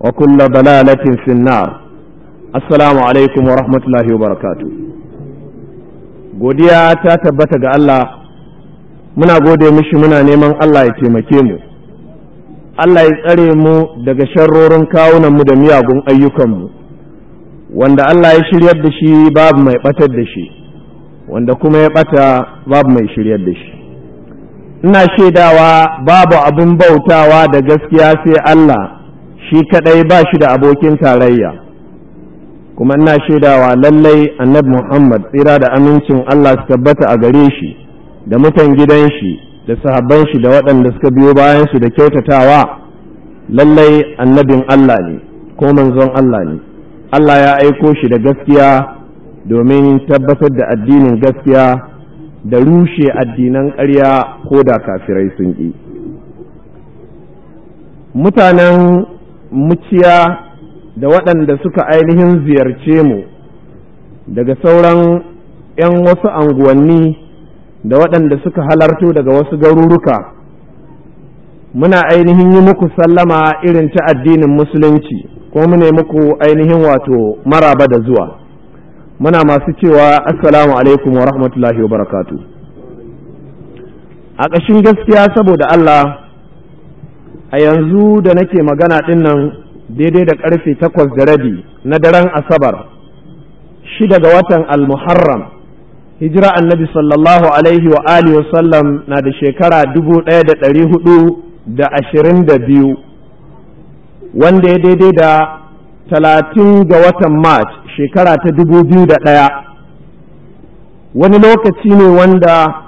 وكل ضلالة في النار السلام عليكم ورحمة الله وبركاته godiya ta tabbata ga Allah muna gode mishi muna neman Allah ya taimake mu Allah ya tsare mu daga sharrorin kawunan mu da miyagun ayyukanmu wanda Allah ya shiryar da shi babu mai batar da shi wanda kuma ya bata babu mai shiryar da shi ina shaidawa babu abin bautawa da gaskiya sai Allah shi kaɗai ba shi da abokin tarayya kuma ina shaidawa lallai annabi Muhammad tsira da amincin Allah su tabbata a gare shi da mutan gidan shi da sahabban shi da waɗanda suka biyo bayan su da kyautatawa lallai annabin Allah ne ko manzon Allah ne Allah ya aiko shi da gaskiya domin tabbatar da addinin gaskiya da rushe addinan ƙarya ko da kafirai sun ƙi mutanen muciya da waɗanda suka ainihin ziyarce mu daga sauran 'yan wasu anguwanni da waɗanda suka halarto daga wasu garuruka muna ainihin yi muku sallama irin ta addinin musulunci ko mu ne muku ainihin wato maraba da zuwa muna masu cewa assalamu alaikum wa rahmatullahi wa barakatu a ƙashin gaskiya saboda Allah a yanzu da nake magana ɗin nan daidai da ƙarfe takwas da rabi na daren asabar shida ga watan almuharram hijira annabi sallallahu alaihi wa alihi sallam na da shekara dubu ɗaya da ɗari hudu da ashirin da biyu wanda ya daidai da talatin ga watan march shekara ta dubu biyu da ɗaya wani lokaci ne wanda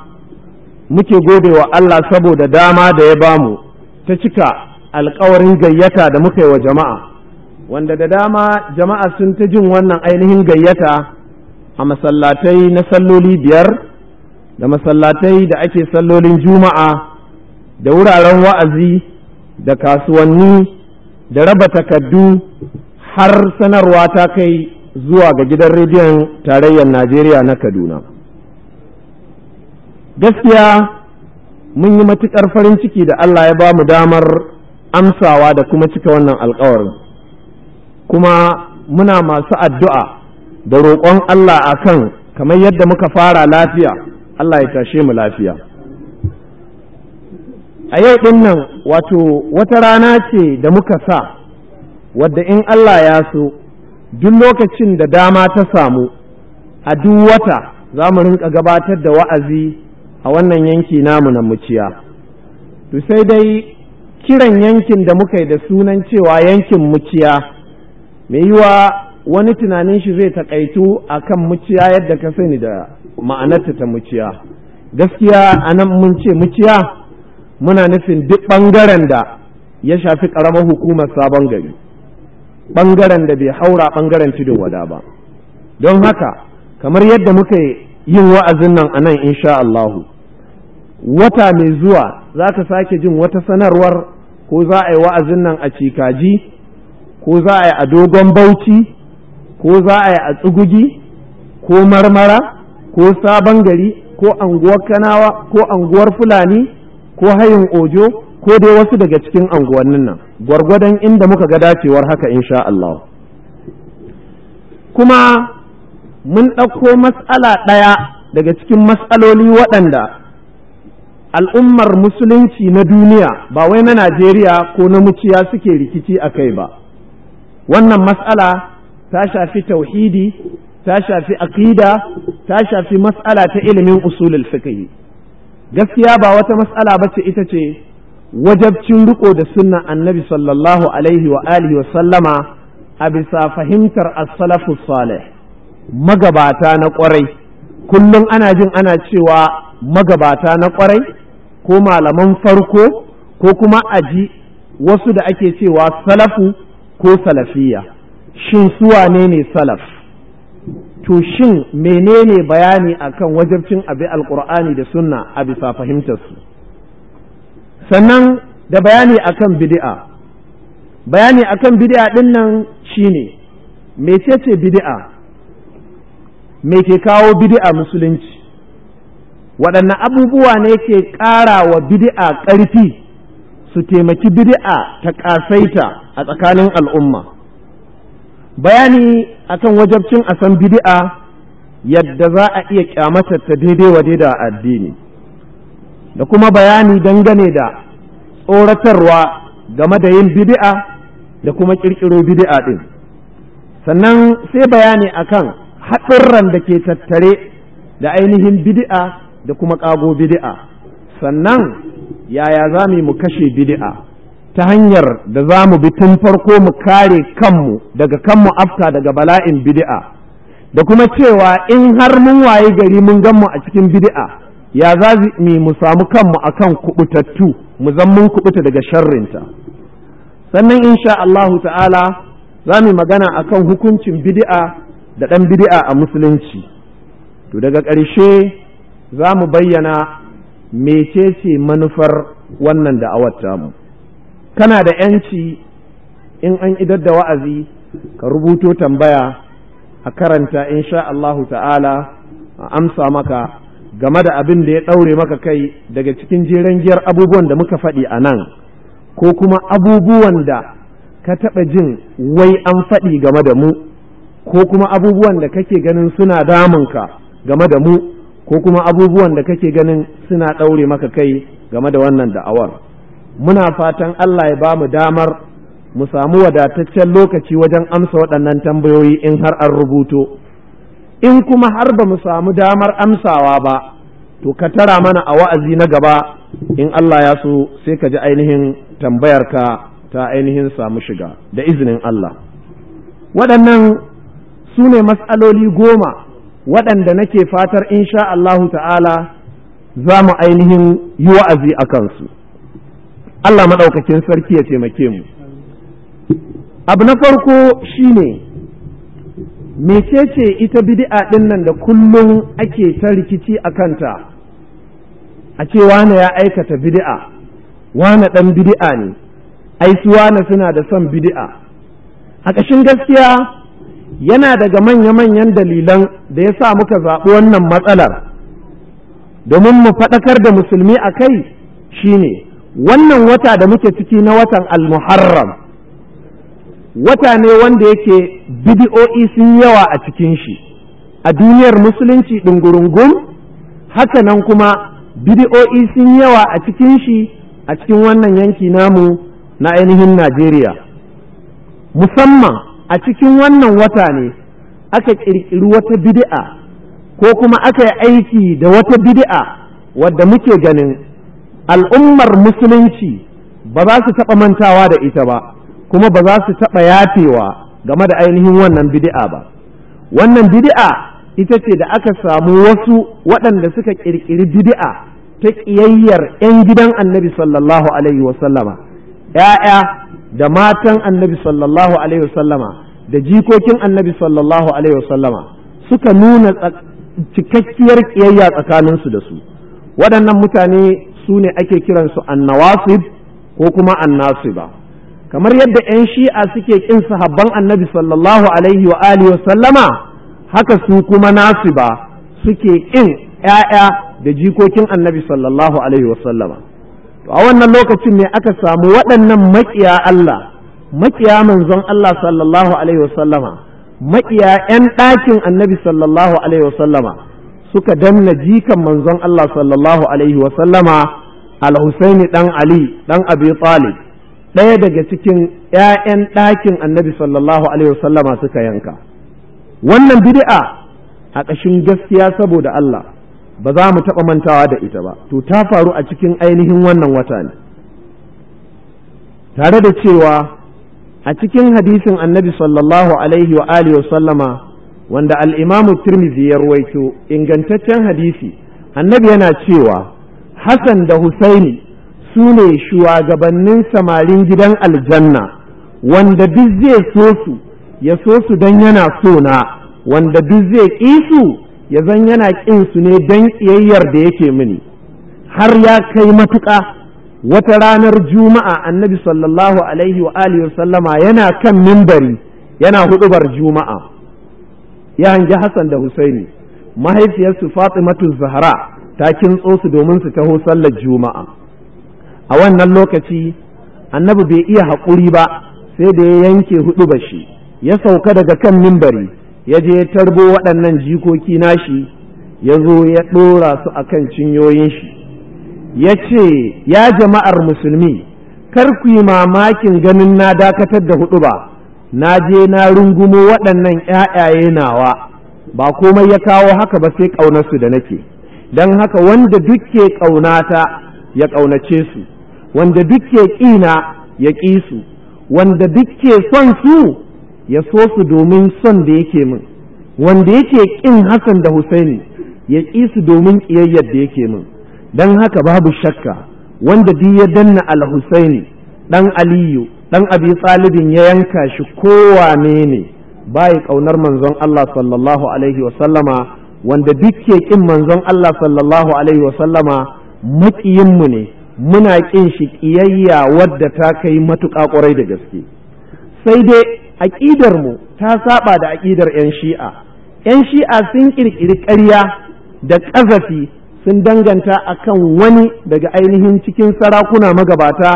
muke gode wa Allah saboda dama da ya bamu ta cika alkawarin gayyata da muka yi wa jama'a wanda da dama jama'a sun ta jin wannan ainihin gayyata a masallatai na salloli biyar da masallatai da ake sallolin juma'a da wuraren wa'azi da kasuwanni da raba takaddu har sanarwa ta kai zuwa ga gidan rediyon tarayyar najeriya na kaduna gaskiya mun yi matuƙar farin ciki da Allah ya ba mu damar amsawa da kuma cika wannan alkawarin kuma muna masu addu'a da roƙon Allah a kan kamar yadda muka fara lafiya Allah ya tashe mu lafiya a yau ɗin nan wato wata rana ce da muka sa wadda in Allah ya so duk lokacin da dama ta samu a duk wata za mu rinka gabatar da wa'azi a wannan yanki namu na muciya to sai dai kiran yankin da muka yi da sunan cewa yankin muciya mai yiwa wani tunanin shi zai takaitu a kan muciya yadda ka sani da ma'anarta ta muciya gaskiya a nan mun ce muciya muna nufin duk ɓangaren da ya shafi ƙaramar hukumar sabon gari ɓangaren da bai haura ɓangaren tudun wada ba don haka kamar yadda muka yi yin wa'azin nan a nan insha Allah wata mai zuwa za ka sake jin wata sanarwar ko za a yi wa'azin nan a cikaji ko za a yi a dogon bauchi ko za a yi a tsugugi ko marmara ko sabon gari ko anguwar kanawa ko anguwar fulani ko hayin ojo ko dai wasu daga cikin anguwannin nan gwargwadon inda muka ga dacewar haka insha Allah kuma mun ɗauko matsala ɗaya daga cikin matsaloli waɗanda al'ummar musulunci na duniya ba wai na Najeriya ko na muciya suke rikici a kai ba. Wannan matsala ta shafi tauhidi, ta shafi aƙida, ta shafi matsala ta ilimin usulul fiqh. Gaskiya ba wata matsala ba ce ita ce wajabcin riko da sunnan annabi sallallahu alaihi wa alihi wa sallama a bisa fahimtar as-salafus salih. magabata na kwarai kullum ana jin ana cewa magabata na ƙwarai ko malaman farko ko kuma aji wasu da ake cewa salafu ko salafiya shin suwa ne ne salaf to shin menene bayani akan wajabcin abi alkur'ani da sunna a bisa fahimtarsu sannan da bayani akan bid'a bayani akan bid'a din nan shine mecece bid'a me ke kawo bid'a musulunci waɗanne abubuwa ne ke ƙara wa bid'a ƙarfi su taimaki bid'a ta ƙasaita a tsakanin al'umma bayani akan wajabcin a san bid'a yadda za a iya kyamatar ta daidai wa daidai addini da kuma bayani dangane da tsoratarwa game da yin bid'a da kuma ƙirƙiro bid'a ɗin sannan sai bayani akan haɗurran da ke tattare da ainihin bid'a da kuma ƙago bid'a sannan yaya za mu kashe bid'a ta hanyar da za mu bi tun farko mu kare kanmu daga kanmu afta daga bala'in bid'a da kuma cewa in har mun waye gari mun ganmu a cikin bid'a ya za mu samu kanmu a kan kuɓutattu mu zan mun kuɓuta daga sharrinta sannan insha Allahu ta'ala za mu magana a kan hukuncin bid'a da ɗan bid'a a musulunci to daga ƙarshe za mu bayyana mecece manufar wannan da da'awar tamu kana da ‘yanci in an idar da wa'azi ka rubuto tambaya a karanta insha Allahu ta'ala a amsa maka game da abin da ya ɗaure maka kai daga cikin jeren giyar abubuwan da muka faɗi a nan ko kuma abubuwan da ka taɓa jin wai an faɗi game da mu ko kuma abubuwan da kake ganin suna damunka game da mu ko kuma abubuwan da kake ganin suna ɗaure maka kai game da wannan da'awar muna fatan Allah ya ba mu damar mu samu wadataccen lokaci wajen amsa waɗannan tambayoyi in har an rubuto in kuma har ba mu samu damar amsawa ba to ka tara mana a wa'azi na gaba in Allah ya so sai ka ji ainihin tambayarka ta ainihin samu shiga da izinin Allah waɗannan su ne matsaloli goma waɗanda nake fatar insha Allahu ta'ala za mu ainihin yi wa'azi a kansu Allah maɗaukakin sarki ya taimake mu abu na farko shine mecece ita bid'a ɗin nan da kullum ake ta rikici a kanta a ce wane ya aikata bid'a wane ɗan bid'a ne ai su wane suna da son bid'a a ƙashin gaskiya yana daga manya-manyan dalilan da ya sa muka zaɓi wannan matsalar domin mu faɗakar da musulmi a kai shi ne wannan wata da muke ciki na watan al-muharram wata ne wanda yake bidi'o'i sun yawa a cikin shi a duniyar musulunci ɗungurungun haka nan kuma bidi'o'i sun yawa a cikin shi a cikin wannan yanki namu na ainihin najeriya musamman a cikin wannan wata ne aka ƙirƙiri wata bid'a ko kuma aka yi aiki da wata bid'a wadda muke ganin al'ummar musulunci ba za su taɓa mantawa da ita ba kuma ba za su taɓa yafewa game da ainihin wannan bid'a ba wannan bid'a ita ce da aka samu wasu waɗanda suka ƙirƙiri bid'a ta ƙiyayyar 'yan gidan annabi sallallahu alaihi wasallama ‘ya'ya da matan annabi sallallahu alaihi wasallama da jikokin annabi sallallahu alaihi wasallama suka nuna cikakkiyar kiyayya tsakaninsu da su waɗannan mutane su ne ake kiransu annawasib ko kuma annasiba kamar yadda 'yan shi'a suke ƙin sahabban annabi sallallahu alaihi wa alihi wasallama haka su kuma nasiba suke ƙin ‘ya'ya da jikokin annabi sallallahu alaihi wasallama to a wannan lokacin ne aka samu waɗannan maƙiya Allah maƙiya manzon Allah sallallahu alaihi wasallama maƙiya ‘yan ɗakin annabi sallallahu alaihi wasallama suka danna jikan manzon Allah sallallahu alaihi wasallama al-Husaini ɗan Ali dan Abi Talib ɗaya daga cikin ‘ya'yan ɗakin annabi sallallahu alaihi wasallama suka yanka wannan bid'a a ƙashin gaskiya saboda Allah ba za mu taɓa mantawa da ita ba to ta faru a cikin ainihin wannan wata ne tare da cewa a cikin hadisin annabi sallallahu alaihi wa alihi wa sallama wanda al'imamu tirmizi ya ruwaito ingantaccen hadisi annabi yana cewa hassan da husaini su ne shugabannin samarin gidan aljanna wanda duk zai so su ya so su don yana so na wanda duk zai ƙi su ya zan yana ƙin su ne don ƙiyayyar da yake mini har ya kai matuƙa wata ranar juma'a annabi sallallahu alaihi wa alihi sallama yana kan mimbari yana hudubar juma'a ya hangi hassan da husaini mahaifiyarsu fatimatu zahra ta kintso su domin su taho sallar juma'a a wannan lokaci annabi bai iya haƙuri ba sai da ya yanke hudubar shi ya sauka daga kan mimbari ya je tarbo waɗannan jikoki nashi ya zo ya ɗora su a kan cinyoyin shi ya ce ya jama'ar musulmi kar ku yi mamakin ganin na dakatar da hudu ba na je na rungumo waɗannan ‘ya'yaye nawa ba komai ya kawo haka ba sai ƙaunarsu da nake don haka wanda dukke ƙaunata ya ƙaunace su wanda duke ƙina ya ƙi su wanda dukke son su ya so su domin son da yake min wanda yake ƙin Hassan da Husaini ya ƙi su domin ƙiyayyar da yake min don haka babu shakka wanda duk ya danna al-Husaini dan Aliyu dan Abi Talibin ya yanka shi kowane ne bai kaunar manzon Allah sallallahu alaihi wa sallama wanda duk ke kin manzon Allah sallallahu alaihi wa sallama maƙiyin mu ne muna kin shi ƙiyayya wadda ta kai matuƙa ƙwarai da gaske sai dai aƙidar mu ta saba da aƙidar 'yan shi'a 'yan shi'a sun ƙirƙiri ƙarya da ƙazafi sun danganta akan wani daga ainihin cikin sarakuna magabata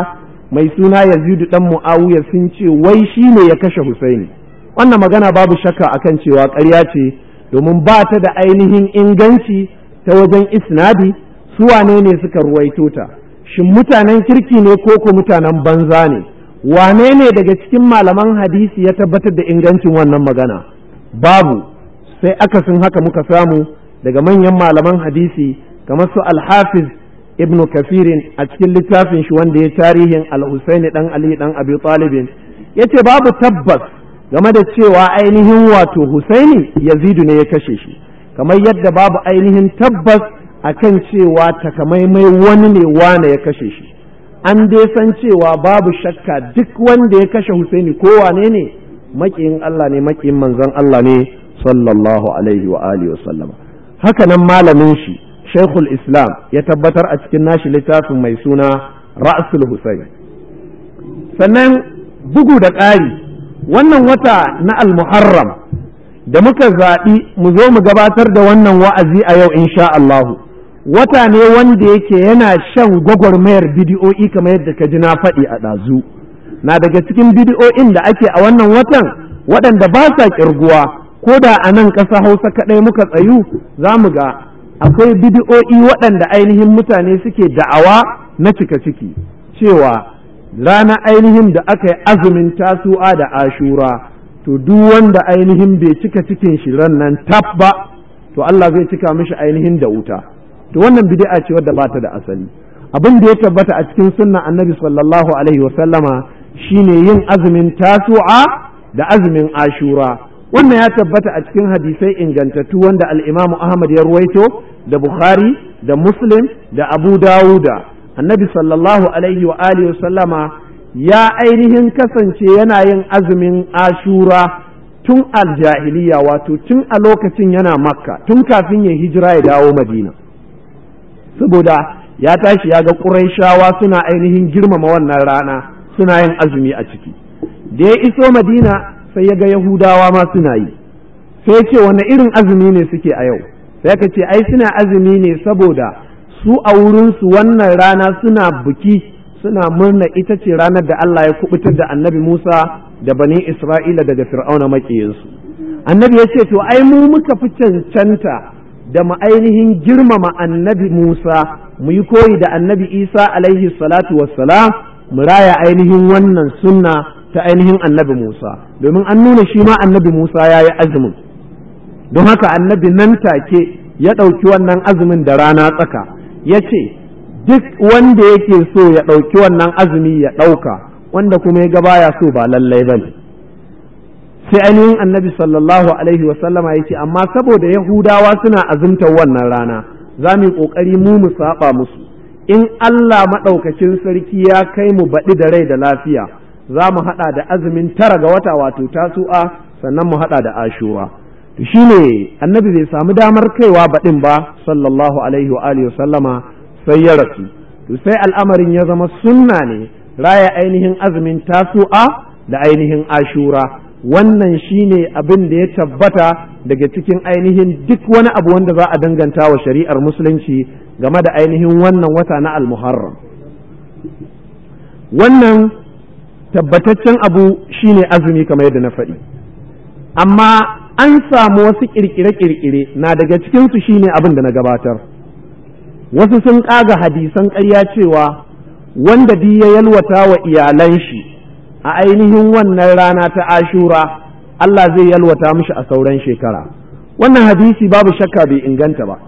mai suna yazidu dan mu'awiya sun ce wai shi ne ya kashe husaini wannan magana babu shakka akan cewa ƙarya ce domin ba ta da ainihin inganci ta wajen isnadi su wane ne suka ruwaito ta shin mutanen kirki ne ko ko mutanen banza ne wane ne daga cikin malaman hadisi ya tabbatar da ingancin wannan magana babu sai akasin haka muka samu daga manyan malaman hadisi kamar su alhafiz ibn kafirin a cikin littafin shi wanda ya tarihin al-husaini dan ali dan abi talibin yace babu tabbas game da cewa ainihin wato husaini yazidu ne ya kashe shi kamar yadda babu ainihin tabbas akan cewa takamaimai wani ne wane ya kashe shi an dai san cewa babu shakka duk wanda ya kashe Husaini ko wane ne makiyin Allah ne makiyin manzon Allah ne sallallahu alaihi wa alihi wa sallam haka nan malamin shi Shaykhul Islam ya tabbatar a cikin nashi littafin mai suna Ra'sul Husain sannan bugu da ƙari wannan wata na Al-Muharram da muka zaɓi mu zo mu gabatar da wannan wa'azi a yau insha Allahu wata ne wanda yake yana shan gwagwarmayar bidiyo'i kamar yadda ka ji na faɗi a ɗazu na daga cikin bidiyo'in da ake a wannan watan waɗanda ba sa ƙirguwa ko da a nan ƙasa hausa kaɗai muka tsayu za mu ga akwai bidiyo'i waɗanda ainihin mutane suke da'awa na cika ciki cewa ranar ainihin da aka yi azumin tasu'a da ashura to duk wanda ainihin bai cika cikin shi ran nan tab ba to Allah zai cika mishi ainihin da wuta to wannan bid'a ce wadda ba ta da asali abin da ya tabbata a cikin sunna annabi sallallahu alaihi wa sallama shine yin azumin tasu'a da azumin ashura wannan ya tabbata a cikin hadisai ingantattu wanda al-imam ahmad ya ruwaito da bukhari da muslim da abu dawuda annabi sallallahu alaihi wa alihi wa sallama ya ainihin kasance yana yin azumin ashura tun aljahiliya wato tun a lokacin yana makka tun kafin ya hijira ya dawo madina saboda ya tashi ya ga ƙuraishawa suna ainihin girmama wannan rana suna yin azumi a ciki da ya iso madina sai ya ga yahudawa ma suna yi sai ce wani irin azumi ne suke a yau sai ka ce ai suna azumi ne saboda su a wurinsu wannan rana suna buki suna murna ita ce ranar da Allah ya kubutar da annabi Musa da bani Isra'ila daga fir'auna maƙiyinsu annabi ya ce to ai mu muka fi cancanta da mu ainihin girmama annabi Musa mu yi koyi da annabi Isa alaihi salatu wassalam mu raya ainihin wannan sunna ta ainihin annabi Musa domin an nuna shi ma annabi Musa ya yi azumin don haka annabi nan take ya ɗauki wannan azumin da rana tsaka ya ce duk wanda yake so ya ɗauki wannan azumi ya ɗauka wanda kuma ya ga baya so ba lallai ba ne sai ainihin annabi sallallahu alaihi wasallama ya ce amma saboda yahudawa suna azumtar wannan rana za mu yi ƙoƙari mu mu saba musu in Allah maɗaukakin sarki ya kai mu baɗi da rai da lafiya za mu haɗa da azumin tara ga wata wato tasu'a sannan mu haɗa da ashura to shine annabi bai samu damar kaiwa baɗin ba sallallahu alaihi wa alihi sallama sai ya rasu to sai al'amarin ya zama sunna ne raya ainihin azumin tasu'a da ainihin ashura wannan shine abin da ya tabbata daga cikin ainihin duk wani abu wanda za a danganta wa shari'ar musulunci game da ainihin wannan wata na almuharram wannan tabbataccen abu shine azumi kamar yadda na faɗi amma an samu wasu ƙirƙire-ƙirƙire na daga cikinsu shine abin da na gabatar wasu sun ƙaga hadisan ƙarya cewa wanda ya yalwata wa iyalan shi a ainihin wannan rana ta ashura Allah zai yalwata mishi a sauran shekara wannan hadisi babu shakka bai inganta ba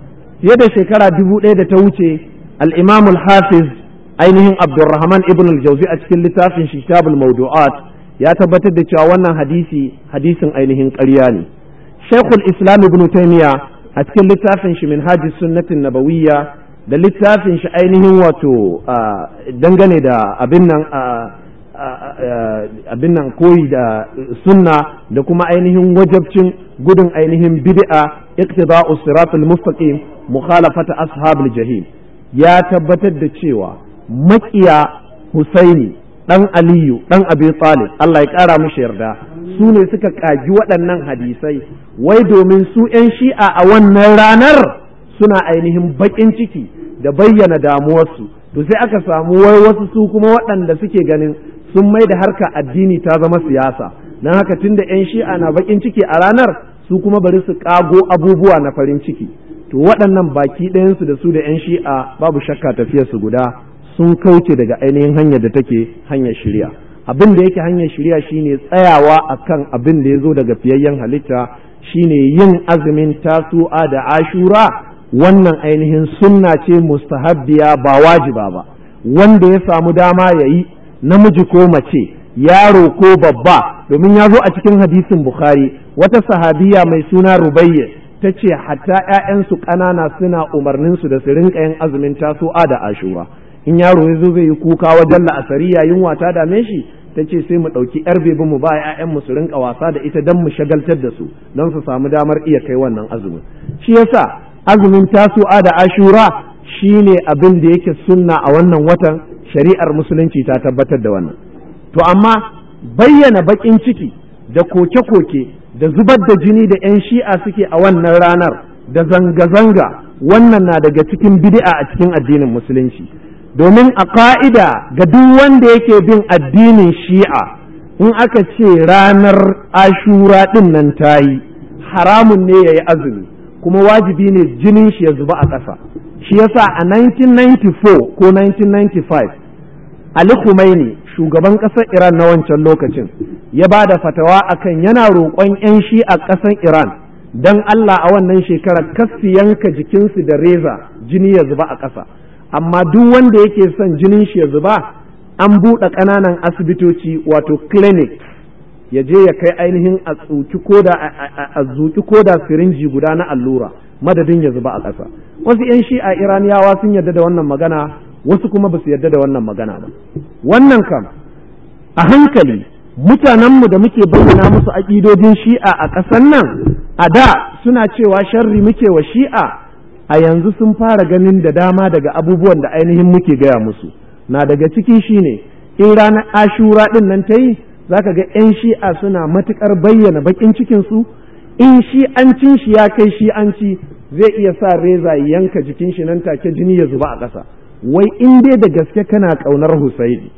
fiye da shekara dubu ɗaya da ta wuce al-imam al-hafiz ainihin abdurrahman ibn al jauzi a cikin littafin shitabul mawdu'at ya tabbatar da cewa wannan hadisi hadisin ainihin ƙarya ne shaykhul islam ibn taymiya a cikin littafin shi minhajus sunnatin nabawiyya da littafin shi ainihin wato ah, dangane da abin nan ah, abin nan koyi da sunna da kuma ainihin wajabcin gudun ainihin bid'a iqtida'u siratul mustaqim mukhalafata ashabul jahim ya tabbatar da cewa makiya Husaini dan Aliyu dan Abi Talib Allah ya kara mushi yarda su ne suka kaji waɗannan hadisai wai domin su 'yan shi'a a wannan ranar suna ainihin baƙin ciki da bayyana damuwarsu to sai aka samu wai wasu su kuma waɗanda suke ganin sun mai da harka addini ta zama siyasa na haka tunda 'yan shi'a na bakin ciki a ranar su kuma bari su kago abubuwa na farin ciki to waɗannan baki ɗayansu da su da 'yan shi'a babu shakka su guda sun kauce daga ainihin hanyar da take hanyar shirya abin da yake hanyar shirya shine tsayawa akan abin da ya zo daga fiyayyen halitta shine yin azumin tasu'a da ashura wannan ainihin sunna ce mustahabbiya ba wajiba ba wanda ya samu dama ya yi namiji ko mace yaro ko babba domin ya zo a cikin hadisin bukhari wata sahabiya mai suna rubayya ta ce hatta 'ya'yansu ƙanana suna umarninsu da su rinka yin azumin tasu'a da ashura in yaro ya zo zai yi kuka wajen ya yunwa ta dame shi ta ce sai mu ɗauki yar bebi mu ba mu su rinka wasa da ita don mu shagaltar da su don su samu damar iya kai wannan azumin shi yasa azumin tasu'a da ashura shine abin da yake sunna a wannan watan shari'ar musulunci ta tabbatar da wannan to amma bayyana baƙin ciki da koke-koke da zubar da jini da 'yan shi'a suke a wannan ranar da zanga-zanga wannan na daga cikin bid'a a cikin addinin musulunci domin a ka'ida ga duk wanda yake bin addinin shi'a in aka ce ranar ashura ɗin nan ta yi haramun ne ya yi azumi kuma wajibi ne jinin shi ya zuba a ƙasa shi yasa a 1994 ko 1995 Ali Khumaini shugaban ƙasar Iran na wancan lokacin ya ba da fatawa akan yana roƙon 'yan shi a ƙasar Iran don Allah a wannan shekarar kasu yanka jikinsu da reza jini ya zuba a ƙasa amma duk wanda yake son jinin shi ya zuba an buɗe ƙananan asibitoci wato clinic ya je ya kai ainihin a tsuki a zuki koda sirinji guda na allura madadin ya zuba a ƙasa wasu 'yan shi'a iraniyawa sun yarda da wannan magana wasu kuma ba su yarda da wannan magana ba wannan kam a hankali mutanenmu da muke bayyana musu aƙidodin shi'a a ƙasan nan a da suna cewa sharri muke wa shi'a a yanzu sun fara ganin da dama daga abubuwan da ainihin muke gaya musu na daga ciki shine in ranar ashura ɗin nan ta yi za ga 'yan shi'a suna matuƙar bayyana baƙin cikinsu in shi'ancin shi ya kai shi'anci zai iya sa reza yanka jikin shi nan take jini ya zuba a ƙasa wai in dai da gaske kana ƙaunar Husaini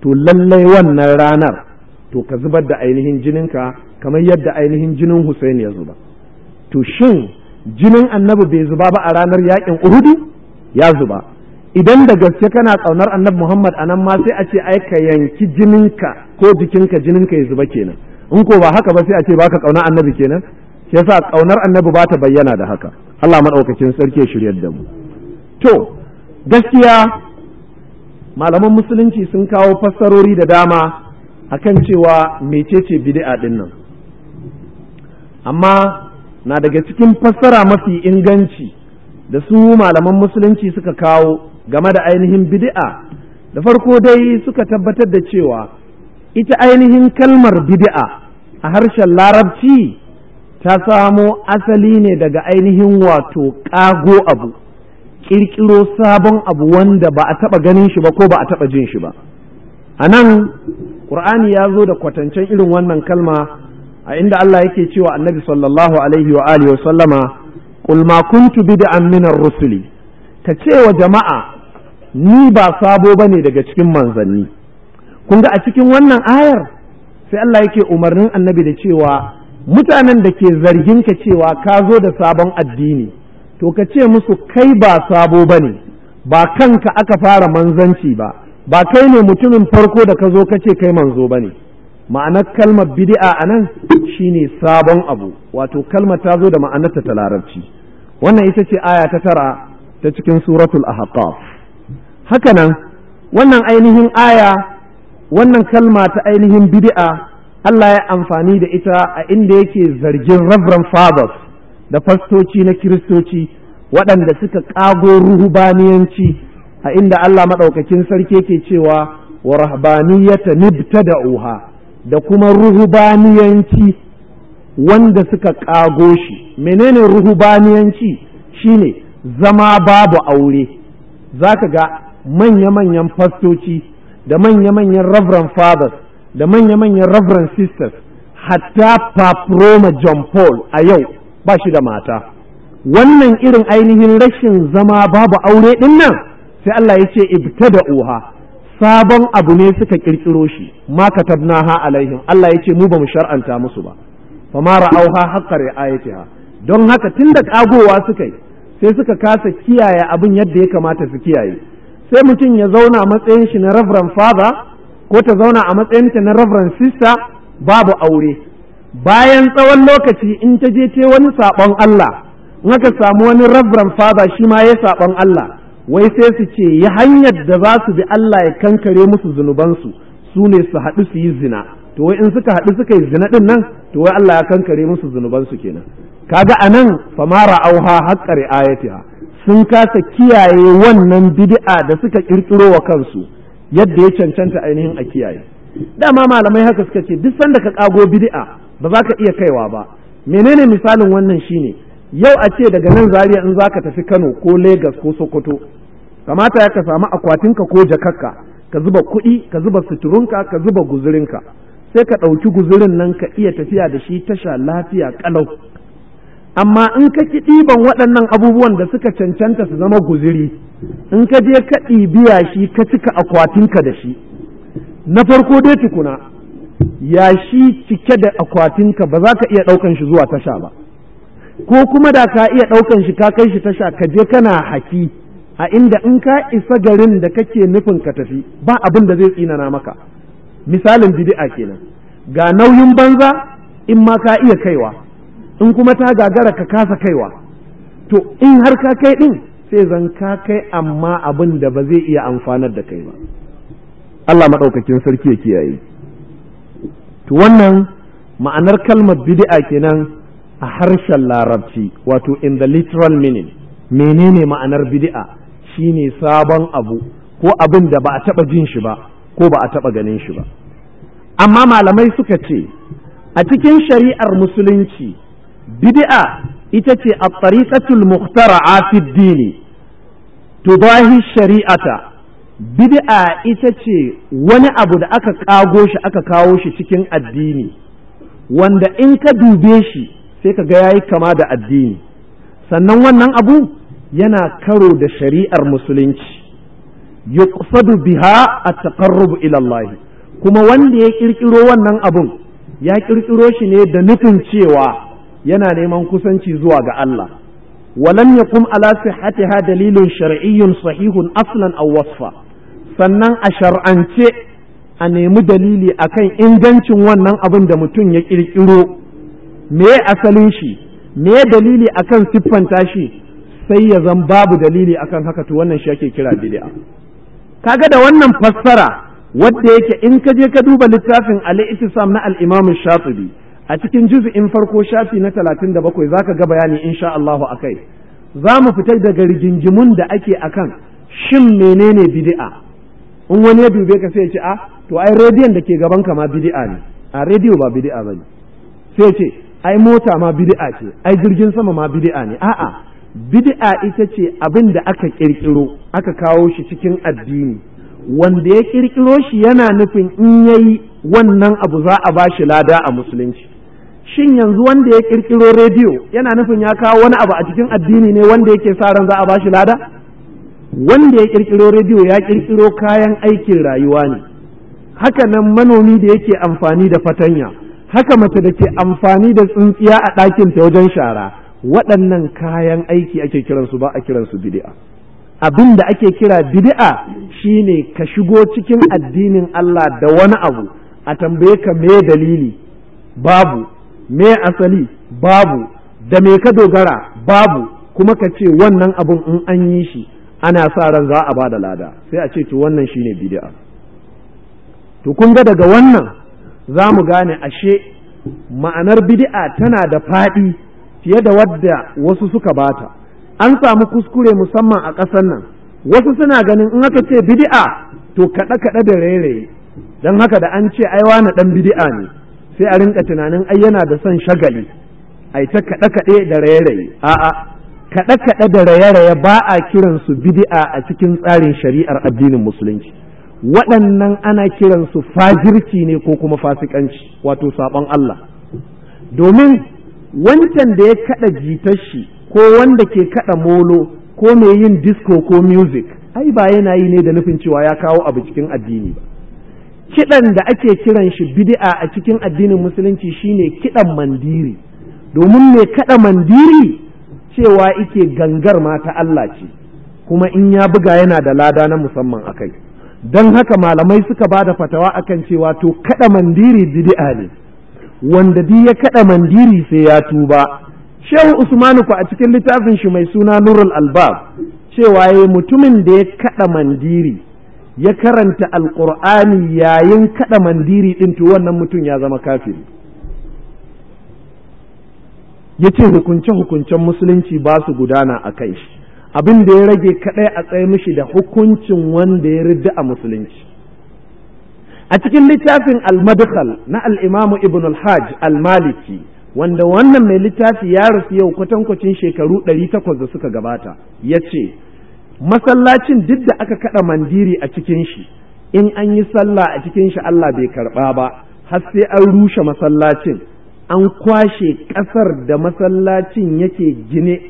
to lallai wannan ranar to ka zubar da ainihin jininka kamar yadda ainihin jinin Husaini ya zuba to shin jinin annabi bai zuba ba a ranar yakin Uhudu ya zuba idan da gaske kana ƙaunar annabi Muhammad anan ma sai a ce ai ka yanki jininka ko jikinka jininka ya zuba kenan in ko ba haka ba sai a ce baka ƙaunar annabi kenan shi yasa ƙaunar annabi ba ta bayyana da haka Allah madaukakin sarki ya shiryar da mu to gaskiya malaman musulunci sun kawo fassarori da dama a kan cewa mecece bid'a din nan amma na daga cikin fassara mafi inganci da su malaman musulunci suka kawo game da ainihin bidi'a, da farko dai suka tabbatar da cewa ita ainihin kalmar bidi'a a harshen larabci ta samo asali ne daga ainihin wato ƙago abu ƙirƙiro sabon abu wanda ba a taɓa ganin shi ba ko ba a taɓa jin shi ba a nan ƙur'ani ya zo da kwatancen irin wannan kalma a inda Allah yake cewa annabi sallallahu alaihi wa alihi wa sallama qul ma kuntu bid'an min rusuli ka ce wa jama'a ni ba sabo bane daga cikin manzanni kun ga a cikin wannan ayar sai Allah yake umarnin annabi da cewa mutanen da ke zargin ka cewa ka zo da sabon addini to ka ce musu kai ba sabo ba ne ba kanka aka fara manzanci ba ba kai ne mutumin farko da ka zo ka ce kai manzo ba ne ma'anar kalmar bidi'a a nan shi ne sabon abu wato kalmar ta zo da ma'anarta ta larabci wannan ita ce aya ta tara ta cikin suratul ahqaf hakanan wannan ainihin aya wannan kalma ta ainihin bid'a Allah ya amfani da ita a inda yake zargin Reverend Fathers da fastoci na kiristoci waɗanda suka ƙago ruhubaniyanci a inda Allah maɗaukakin sarki ke cewa wa rahbaniyata nibta da da kuma ruhubaniyanci wanda suka ƙago shi menene ruhubaniyanci shine zama babu aure Za ka ga manya-manyan fastoci da manya-manyan reverend fathers da manya-manyan reverend sisters hatta paproma john paul a yau ba shi da mata wannan irin ainihin rashin zama babu aure ɗin nan sai Allah ya ce ibtada uha sabon abu ne suka kirkiro shi ma katabnaha alaihim Allah ya ce mu ba mu shar'anta musu ba ma ra'auha haqqa ri'ayatiha don haka tun da kagowa suka yi sai suka kasa kiyaye abin yadda ya kamata su kiyaye sai mutum ya zauna a matsayin shi na reverend father ko ta zauna a matsayin ta na reverend sister babu aure bayan tsawon lokaci in ta je ce wani saɓon Allah in aka samu wani rabran fada shi ma ya saɓon Allah wai sai su ce ya hanyar da za su bi Allah ya kankare musu zunubansu su ne su haɗu su yi zina to wai in suka haɗu suka yi zina ɗin nan to wai Allah ya kankare musu zunubansu kenan kaga nan famara auha haƙƙa ri'ayatiha sun kasa kiyaye wannan bid'a da suka ƙirƙiro wa kansu yadda ya cancanta ainihin a kiyaye dama malamai haka suka ce duk sanda ka ƙago bid'a ba za ka iya kaiwa ba menene misalin wannan shine yau a ce daga nan zaria in za ka tafi kano ko lagos ko sokoto kamata ya ka samu akwatinka ko jakakka ka zuba kuɗi ka zuba suturunka ka zuba guzurinka sai ka ɗauki guzurin nan ka iya tafiya da shi tasha lafiya ƙalau amma in ka ki ɗiban waɗannan abubuwan da suka cancanta su zama guziri in ka je ka ɗibiya shi ka cika akwatinka da shi na farko dai tukuna yashi cike da akwatinka ba za ka iya ɗaukan shi zuwa tasha ba ko kuma da ka iya ɗaukan shi ka kai shi tasha ka je kana haki a inda in ka isa garin da kake nufin ka tafi ba abin da zai tsinana maka misalin bid'a kenan ga nauyin banza in ma ka iya kaiwa in kuma ta gagara ka kasa kaiwa to in har ka kai din sai zan ka kai amma abin da ba zai iya amfanar da kai ba Allah maɗaukakin sarki ya kiyaye. to wannan ma'anar kalmar bid'a kenan a harshen larabci wato in the literal meaning menene ma'anar bid'a shine sabon abu ko abin da ba a taba jin shi ba ko ba a taba ganin shi ba amma malamai suka ce a cikin shari'ar musulunci bid'a ita ce a muhtara a fiddini to tudahi shari'ata bid'a ita ce wani abu da aka kago shi aka kawo shi cikin addini wanda in ka dube shi sai ka ga yayi kama da addini sannan wannan abu yana karo da shari'ar musulunci yuqsadu biha at-taqarrub ila Allah kuma wanda ya kirkiro wannan abun ya kirkiro shi ne da nufin cewa yana neman kusanci zuwa ga Allah walam yakum ala sihhatiha dalilun shar'iyyun sahihun aslan aw wasfa sannan a shar'ance a nemi dalili a kan ingancin wannan abin da mutum ya ƙirƙiro me asalin shi me dalili a kan siffanta shi sai ya zan babu dalili akan haka to wannan shi ake kira bid'a kaga da wannan fassara wadda yake in ka je ka duba littafin al-ittisam na al-imam a cikin juz'in farko shafi na talatin da 37 zaka ga bayani insha Allah akai za mu fitar daga rigingimun da ake akan shin menene bidi'a? in wani ya dube ka sai ya ce a ah, to ai rediyon da ke gaban ka ma bid'a ne a rediyo ba bid'a bane sai ya ce ai mota ma bid'a ce ai jirgin sama ma bid'a ne a'a bid'a ita ce abin da aka kirkiro aka kawo shi cikin addini wanda ya kirkiro shi yana nufin in yayi wannan abu za a ba shi lada a musulunci shin yanzu wanda ya kirkiro rediyo yana nufin ya kawo wani abu a cikin addini ne wanda yake sa ran za a ba shi lada wanda ya kirkiro rediyo ya kirkiro kayan aikin rayuwa ne haka nan manomi da yake amfani da fatanya haka mace da ke amfani da tsintsiya a ɗakin ta wajen shara waɗannan kayan aiki ake kiransu ba a kiransu bid'a abin da ake kira bid'a shine ka shigo cikin addinin Allah da wani abu a tambaye ka me dalili babu me asali babu da me ka dogara babu kuma ka ce wannan abun in an yi shi ana sa ran za a bada lada sai a ce to wannan shine bid'a to kun ga daga wannan za mu gane ashe ma'anar bid'a tana da faɗi fiye da wadda wasu suka bata an samu kuskure musamman a ƙasar nan wasu suna ganin in aka ce bid'a to kaɗe kaɗe da rairaye don haka da an ce ai wani ɗan bid'a ne sai a rinka tunanin ai yana da son shagali ai ta kaɗe kaɗe da rairaye a'a kaɗe-kaɗe da raye-raye ba a kiransu bid'a a cikin tsarin shari'ar addinin musulunci waɗannan ana kiransu fajirci ne ko kuma fasikanci wato sabon Allah domin wancan da ya kaɗa jitar shi ko wanda ke kaɗa molo ko mai yin disco ko music ai ba yana yi ne da nufin cewa ya kawo abu cikin addini ba kiɗan da ake kiran shi bid'a a cikin addinin musulunci shine kiɗan mandiri domin mai kaɗa mandiri cewa ike gangar ma ta Allah ce kuma in ya buga yana da lada na musamman a kai, don haka malamai suka ba da fatawa akan cewa to kaɗa mandiri bid'a ne wanda duk ya kada mandiri sai ya tuba shehu usmanu ku a cikin littafin shi mai suna nurul albab cewa yayi mutumin da ya kaɗa mandiri ya karanta alqur'ani yayin kaɗa mandiri ɗin, to wannan mutum ya zama kafiri ya ce hukunce-hukuncen musulunci ba su gudana a kai shi abin da ya rage kaɗai a tsaye mishi da hukuncin wanda ya rida a musulunci a cikin littafin al-madkhal na al-imamu ibn al-hajj al-maliki wanda wannan mai littafi ya rufe yau kwatankwacin shekaru 800 da suka gabata ya ce masallacin duk da aka kada mandiri a cikin shi in an yi sallah a cikin shi Allah bai karba ba har sai an rushe masallacin an kwashe ƙasar da masallacin yake gine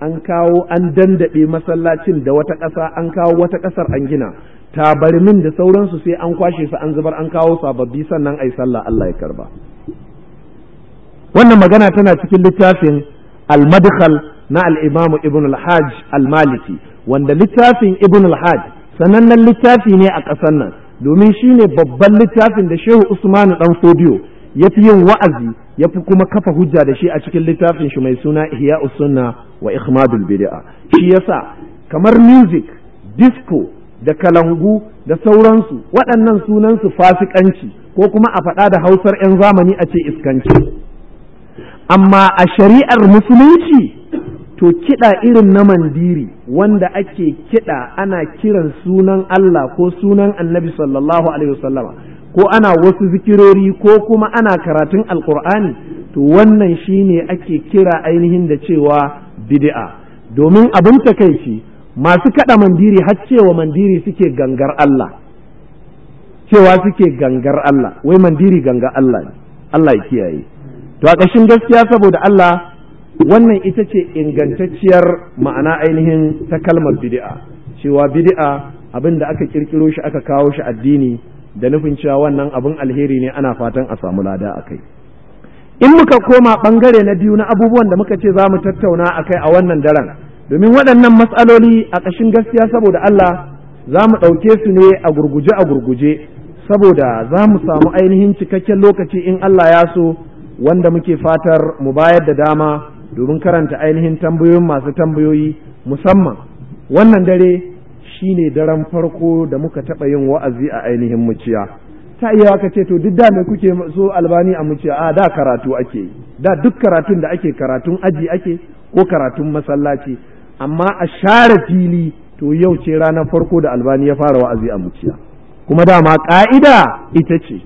an kawo an dandaɓe masallacin da wata ƙasa an kawo wata ƙasar an gina tabarmin da sauransu sai an kwashe su an zubar an kawo sababbi sannan ai sallah Allah ya karba wannan magana tana cikin littafin al-madkhal na al-imamu ibn al-hajj al-maliki wanda littafin ibn al-hajj sanannen littafi ne a ƙasar nan domin shine babban littafin da shehu usmanu dan fodiyo ya fi yin wa'azi ya fi kuma kafa hujja da shi a cikin littafin shi mai suna ihya sunna wa ikhmadul bid'a shi yasa kamar music disco da kalangu da sauransu waɗannan sunansu fasikanci ko kuma a faɗa da hausar 'yan zamani a ce iskanci amma a shari'ar musulunci to kiɗa irin na mandiri wanda ake kiɗa ana kiran sunan Allah ko sunan annabi sallallahu alaihi wasallama ko ana wasu zikirori ko kuma ana karatun alkur'ani to wannan shi ne ake kira ainihin da cewa bid'a domin abin ta takaici masu kaɗa mandiri har cewa mandiri suke gangar Allah cewa suke gangar Allah wai mandiri ganga Allah ne Allah ya kiyaye to a ƙashin gaskiya saboda Allah wannan ita ce ingantacciyar ma'ana ainihin ta kalmar bid'a cewa bid'a abin da aka kirkiro shi aka kawo shi addini da nufin cewa wannan abin alheri ne ana fatan a samu lada a kai in muka koma ɓangare na biyu na abubuwan da muka ce za mu tattauna a kai a wannan daren domin waɗannan matsaloli a ƙashin gaskiya saboda Allah za mu ɗauke su ne a gurguje a gurguje saboda za mu samu ainihin cikakken lokaci in Allah ya so wanda muke fatar mu bayar da dama domin karanta ainihin tambayoyin masu tambayoyi musamman wannan dare Shi ne daren farko da muka taɓa yin wa'azi a ainihin muciya ta iya ka ce to duk da me kuke so albani a muciya a da karatu ake da duk karatun da ake karatun aji ake ko karatun masallaci amma a share fili to yau ce ranar farko da albani ya fara wa'azi a muciya kuma dama ka'ida ita ce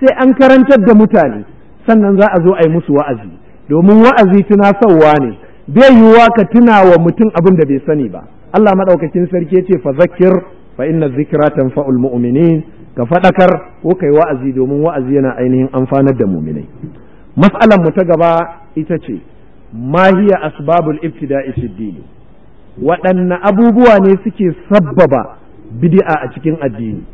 sai an karantar da mutane sannan za a zo a yi musu wa'azi domin wa'azi tunasarwa ne bai yiwuwa ka tuna wa mutum abin da bai sani ba Allah madaukakin sarki yace fa Zakir fa inna dhikra tanfa'ul mu'minin ka fadakar ko kai wa'azi domin wa'azi yana ainihin amfanar da mu'minai mas'alan mu ta gaba ita ce ma hiya asbabul ibtida'i Dini. waɗanne abubuwa ne suke sabbaba bid'a a cikin addini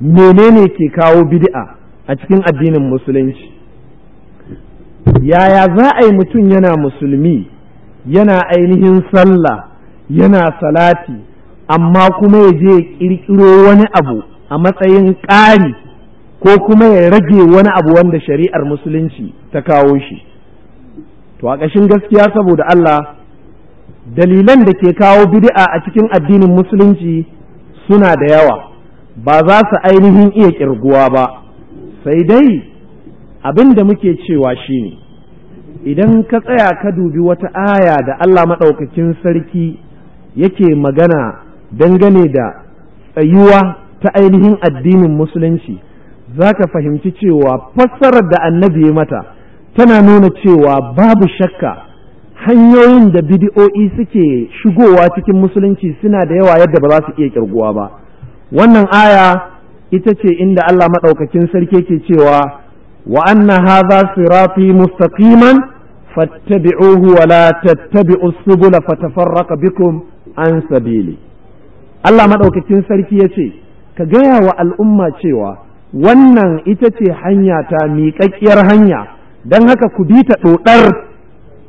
menene ke kawo bid'a a cikin addinin musulunci yaya za a yi mutum yana musulmi yana ainihin sallah yana salati amma kuma ya je ya ƙirƙiro wani abu a matsayin ƙari ko kuma ya rage wani abu wanda shari'ar musulunci ta kawo shi to a ƙashin gaskiya saboda Allah dalilan da ke kawo bid'a a cikin addinin musulunci suna da yawa ba za su ainihin iya ƙirguwa ba sai dai abin da muke cewa shine idan ka tsaya ka dubi wata aya da Allah maɗaukakin sarki yake magana dangane da tsayuwa ta ainihin addinin musulunci za ka fahimci cewa fassarar da annabi ya mata tana nuna cewa babu shakka hanyoyin da bidi'o'i suke shigowa cikin musulunci suna da yawa yadda ba za su iya kirguwa ba wannan aya ita ce inda Allah maɗaukakin sarki ke cewa wa anna hadha sirati mustaqiman fattabi'uhu wa la tattabi'u subula fatafarraqa bikum an sabili Allah maɗaukacin sarki ya ce ka gaya wa al'umma cewa wannan ita ce hanya ta miƙaƙƙiyar hanya don haka ku bi ta ɗoɗar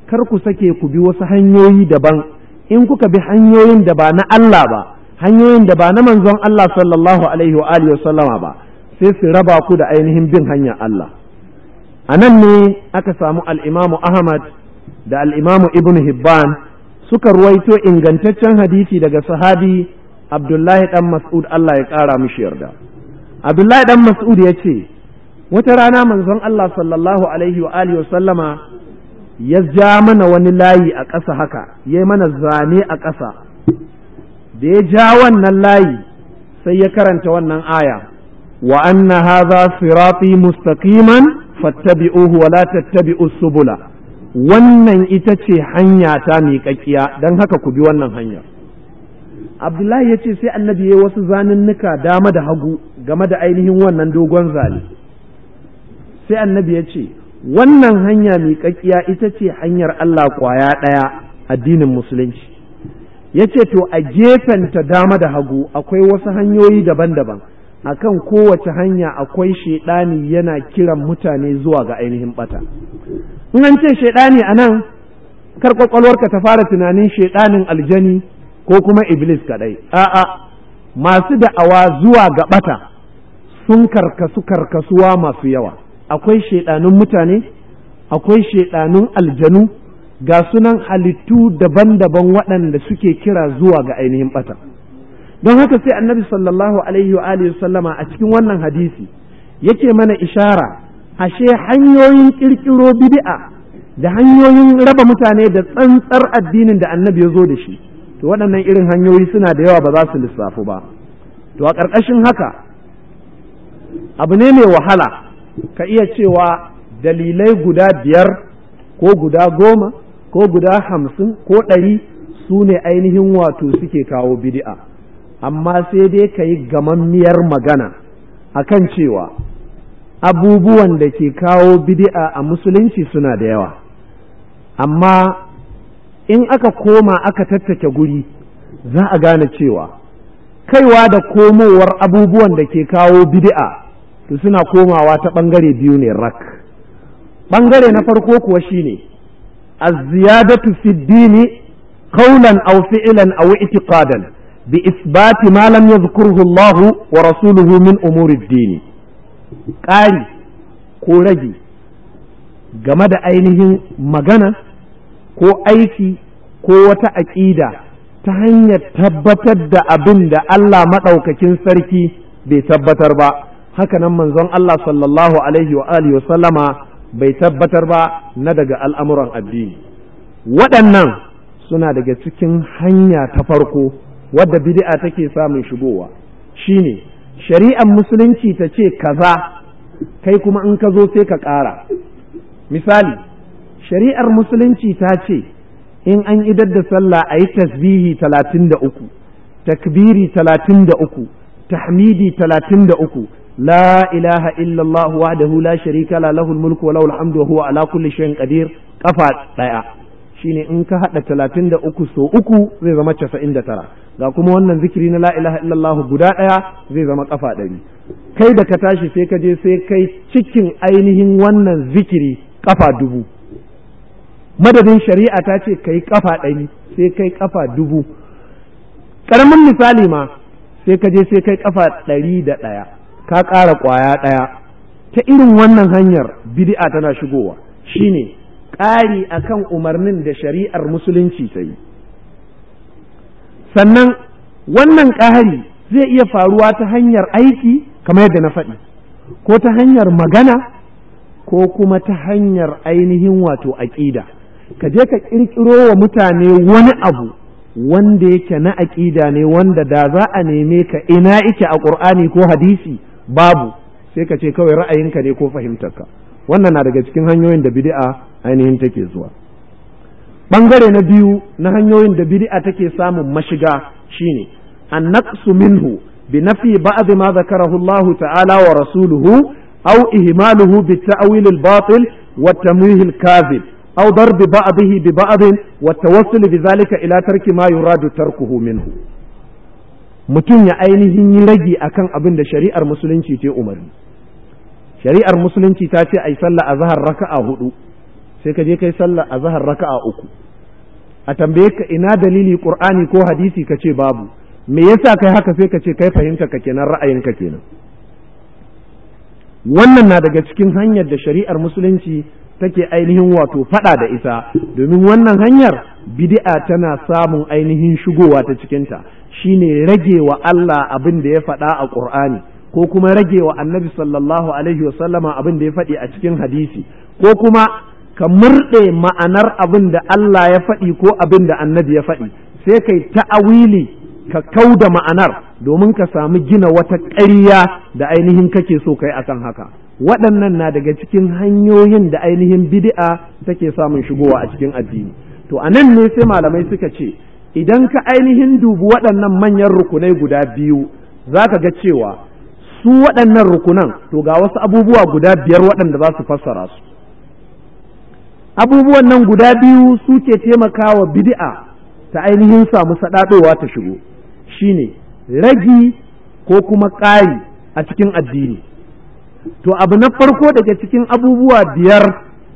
kar ku sake ku bi wasu hanyoyi daban in kuka bi hanyoyin da ba na Allah ba hanyoyin da ba na manzon Allah sallallahu ba sai su raba ku da ainihin bin hanyar Allah a nan ne aka samu al'imamu ahmad da al'imamu ibn hibban suka ruwaito ingantaccen hadisi daga sahabi abdullahi ɗan mas'ud allah ya ƙara mishi yarda abdullahi ɗan mas'ud ya ce wata rana manzon allah sallallahu alaihi wa alihi sallama ya ja mana wani layi a ƙasa haka ya mana zane a ƙasa da ya ja wannan layi sai ya karanta wannan aya wa anna hadha sirati mustaqiman fattabi'uhu wa la tattabi'us subula wannan ita ce hanya ta miƙaƙiya don haka ku bi wannan hanya. abdullahi ya ce sai annabi ya wasu zanunnuka dama da hagu game da ainihin wannan dogon zane sai annabi ya ce wannan hanya miƙaƙiya ita ce hanyar allah ƙwaya ɗaya addinin musulunci ya ce to a gefenta dama da hagu akwai wasu hanyoyi daban-daban akan kowace hanya akwai shaidani yana kiran mutane zuwa ga ainihin bata in an ce shaidani a nan kar kwakwalwarka ta fara tunanin shaidanin aljani ko kuma iblis kadai a'a masu da'awa zuwa ga bata sun karkasu karkasuwa masu yawa akwai shaidanun mutane akwai shaidanun aljanu ga sunan halittu daban-daban waɗanda suke kira zuwa ga ainihin bata don haka sai annabi sallallahu alaihi wa alihi sallama a cikin wannan hadisi yake mana ishara ashe hanyoyin kirkiro bid'a da hanyoyin raba mutane da tsantsar addinin da annabi ya zo da shi to waɗannan irin hanyoyi suna da yawa ba za su lissafu ba to a ƙarƙashin haka abu ne mai wahala ka iya cewa dalilai guda biyar ko guda goma ko guda hamsin ko ɗari su ne ainihin wato suke kawo bid'a. amma sai dai ka yi gamammiyar magana a kan cewa abubuwan da ke kawo bidi'a a musulunci suna da yawa amma in aka koma aka tattake guri za a gane cewa kaiwa da komowar abubuwan da ke kawo bidi'a to suna komawa ta ɓangare biyu ne rak ɓangare na farko kuwa shine a ziyadatu fi dini qawlan aw fi'lan aw i'tiqadan bi isbati malam lam yadhkurhu wa rasuluhu min umuri ad-din ƙari ko rage game da ainihin magana ko aiki ko wata aƙida ta hanyar tabbatar da abin da Allah maɗaukakin sarki bai tabbatar ba hakanan manzon Allah sallallahu alaihi wa alihi wa sallama bai tabbatar ba na daga al'amuran addini waɗannan suna daga cikin hanya ta farko wadda bid'a take samun shigowa shine shari'ar musulunci ta ce kaza kai kuma in ka zo sai ka ƙara misali shari'ar musulunci ta ce in an idar da sallah a yi tasbihi talatin da uku takbiri talatin da uku tahmidi talatin da uku la ilaha illallah wahdahu la sharika la lahul wa lahul hamdu wa huwa ala kulli shay'in qadir kafa ɗaya shine in ka haɗa talatin da uku so uku zai zama casa'in da tara ga kuma wannan zikiri na la'ilaha illallah guda ɗaya zai zama ƙafa ɗari kai da ka tashi sai ka je sai kai cikin ainihin wannan zikiri ƙafa dubu madadin shari'a ta ce kai ƙafa ɗari sai kai ƙafa dubu ƙaramin misali ma sai ka je sai kai ƙafa ɗari da ɗaya ka ƙara ƙwaya ɗaya ta irin wannan hanyar bid'a tana shigowa shine ƙari a kan umarnin da shari'ar musulunci ta yi sannan wannan ƙari zai iya faruwa ta hanyar aiki kamar yadda na faɗi ko ta hanyar magana ko kuma ta hanyar ainihin wato aƙida ka je ka ƙirƙiro wa mutane wani abu wanda yake na aƙida ne wanda da za a neme ka ina ike a ƙur'ani ko hadisi babu sai ka ce kawai ra'ayinka ne ko fahimtarka wannan na daga cikin hanyoyin da bid'a ainihin take zuwa bangare na biyu na hanyoyin da bid'a take samun mashiga shine annaqsu minhu bi nafi ba'd ma zakarahu Allah ta'ala wa rasuluhu aw ihmaluhu bi ta'wil al-batil wa tamwih al-kadhib aw darb ba'dihi bi ba'd wa tawassul bi zalika ila tarki ma yuradu tarkuhu minhu mutum ya ainihin yi rage akan abin da shari'ar musulunci ce umarni shari'ar musulunci ta ce ai sallah azhar raka'a hudu sai ka je kai a zahar raka'a uku a tambaye ka ina dalili qur'ani ko hadisi ka ce babu me yasa kai haka sai ka ce kai fahimta ka kenan ra'ayinka kenan wannan na daga cikin hanyar da shari'ar musulunci take ainihin wato fada da isa domin wannan hanyar bid'a tana samun ainihin shigowa ta cikinta shine rage wa Allah abin da ya faɗa a Qur'ani ko kuma rage wa Annabi sallallahu alaihi wasallama abin da ya faɗi a cikin hadisi ko kuma ka murɗe ma'anar abin da Allah ya faɗi ko abin da annabi ya faɗi sai kai ta'awili ka kau da ma'anar domin ka samu gina wata ƙarya da ainihin kake so kai akan haka waɗannan na daga cikin hanyoyin da ainihin bid'a take samun shigowa a cikin addini to a nan ne sai malamai suka ce idan ka ainihin dubi waɗannan manyan rukunai guda biyu za ka ga cewa su waɗannan rukunan to ga wasu abubuwa guda biyar waɗanda za su fassara su abubuwan nan guda biyu suke taimakawa bid'a ta ainihin samu saɗaɗowa ta shigo shine ragi ko kuma ƙari a cikin addini to abu na farko daga cikin abubuwa biyar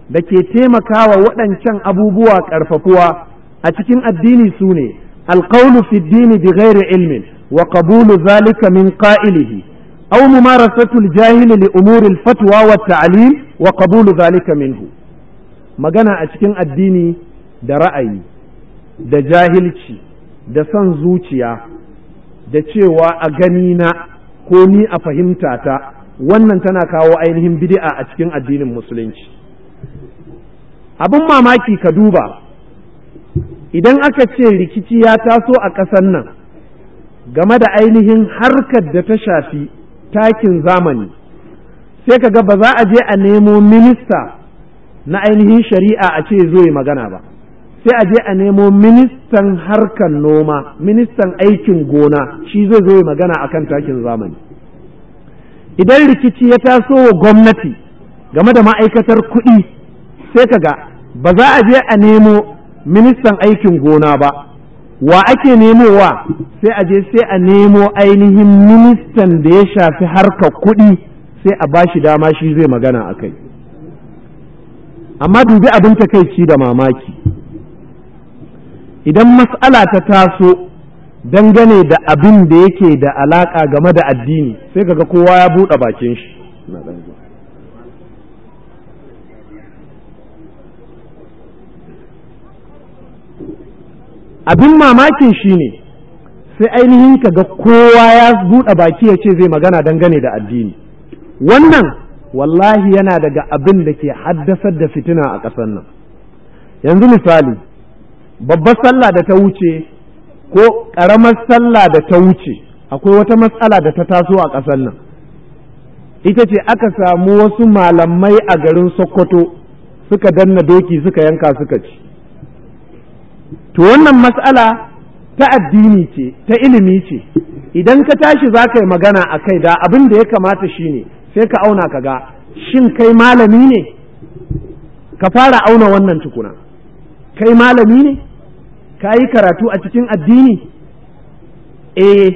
da ke taimakawa waɗancan abubuwa ƙarfafuwa a cikin addini su ne alƙaunu fi dini bi ghairi ilmin wa qabulu zalika min qa'ilihi aw mumarasatu al jahili li umuri al wa at-ta'lim wa qabulu zalika minhu magana a cikin addini da ra'ayi da jahilci da son zuciya da cewa a gani na ko ni a fahimta ta wannan tana kawo ainihin bid'a a cikin addinin musulunci abin mamaki ka duba idan aka ce rikici ya taso a ƙasar nan game da ainihin harkar da ta shafi takin zamani sai ka ga ba za a je a nemo minista na ainihin shari'a a ce zo yi magana ba sai a je a nemo ministan harkan noma ministan aikin gona shi zai zo yi magana akan takin zamani idan rikici ya taso wa gwamnati game da ma'aikatar kuɗi sai ga ba za a je a nemo ministan aikin gona ba wa ake nemowa sai a je sai a nemo ainihin ministan da ya shafi harkar kuɗi sai a ba shi dama shi zai magana a kai amma dubi abin takaici da mamaki idan mas'ala ta taso dangane da abin da yake da alaka game da addini sai kaga kowa ya buɗe bakin shi abin mamakin shi ne sai ainihin kaga kowa ya buɗe baki ya ce zai magana dangane da addini wannan wallahi yana daga abin da ke haddasar da fitina a ƙasar nan yanzu misali babbar sallah da ta wuce ko ƙaramar sallah da ta wuce akwai wata matsala da ta taso a ƙasar nan ita ce aka samu wasu malamai a garin sokoto suka danna doki suka yanka suka ci to wannan matsala ta addini ce ta ilimi ce idan ka tashi za ka yi magana a kai da abin da ya kamata shine sai ka auna ka ga shin kai malami ne ka fara auna wannan tukuna kai malami ne ka yi karatu a cikin addini eh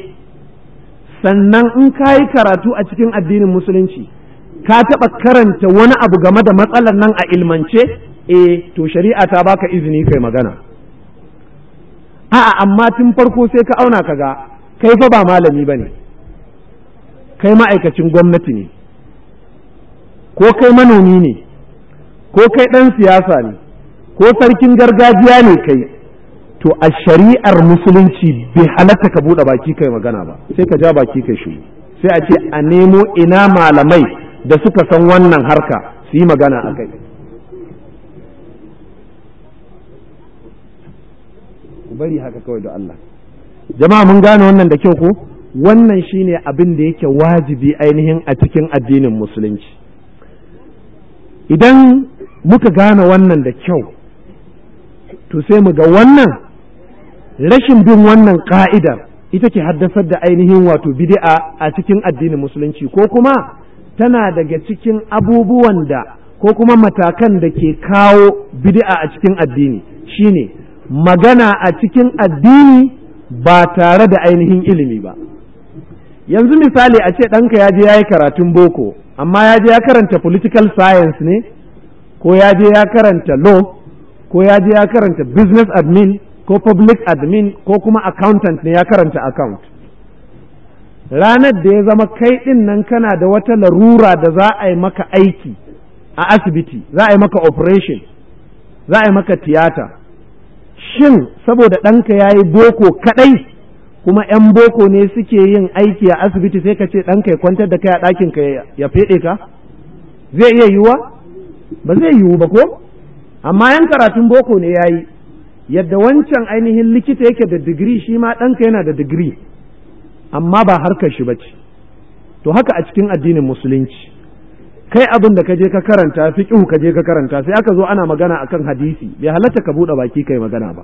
sannan in ka yi karatu a cikin addinin musulunci ka taɓa karanta wani abu game da matsalar nan a ilmance eh to shari'a ta baka izini kai magana a'a amma tun farko sai ka auna ka ga kai fa ba malami ba ne kai ma'aikacin gwamnati ne ko kai manomi ne ko kai ɗan siyasa ne ko sarkin gargajiya ne kai to a shari'ar musulunci bai halatta ka buɗe baki kai magana ba sai ka ja baki kai shi sai a ce a nemo ina malamai da suka san wannan harka su yi magana a kai bari haka kawai da Allah jama'a mun gane wannan da kyau ko wannan shine abin da yake wajibi ainihin a cikin addinin musulunci idan muka gane wannan da kyau to sai mu ga wannan rashin bin wannan ka'idar ita ke haddasar da ainihin wato bid'a a cikin addinin musulunci ko kuma tana daga cikin abubuwan da ko kuma matakan da ke kawo bid'a a cikin addini shine magana a cikin addini ba tare da ainihin ilimi ba yanzu misali a ce ɗanka ya je ya yi karatun boko amma ya je ya karanta political science ne ko ya je ya karanta law ko ya je ya karanta business admin ko public admin ko kuma accountant ne ya karanta account ranar da ya zama kai ɗin nan kana da wata larura da za a yi maka aiki a asibiti za a yi maka operation za a yi maka tiyata shin saboda ɗanka ya yi boko kaɗai kuma ‘yan boko ne suke yin aiki a asibiti sai ka ce ɗanka ya kwantar da kai a ɗakin ka ya feɗe ka? Zai iya yiwuwa? Ba zai yiwu ba ko? Amma ‘yan karatun boko ne ya yi, yadda wancan ainihin likita yake da digiri shi ma ɗanka yana da digiri, amma ba harkar shi ba ce. To haka a cikin addinin musulunci. Kai abin da ka je ka karanta, fiƙihu ka je ka karanta, sai aka zo ana magana akan hadisi, bai halatta ka buɗe baki kai magana ba.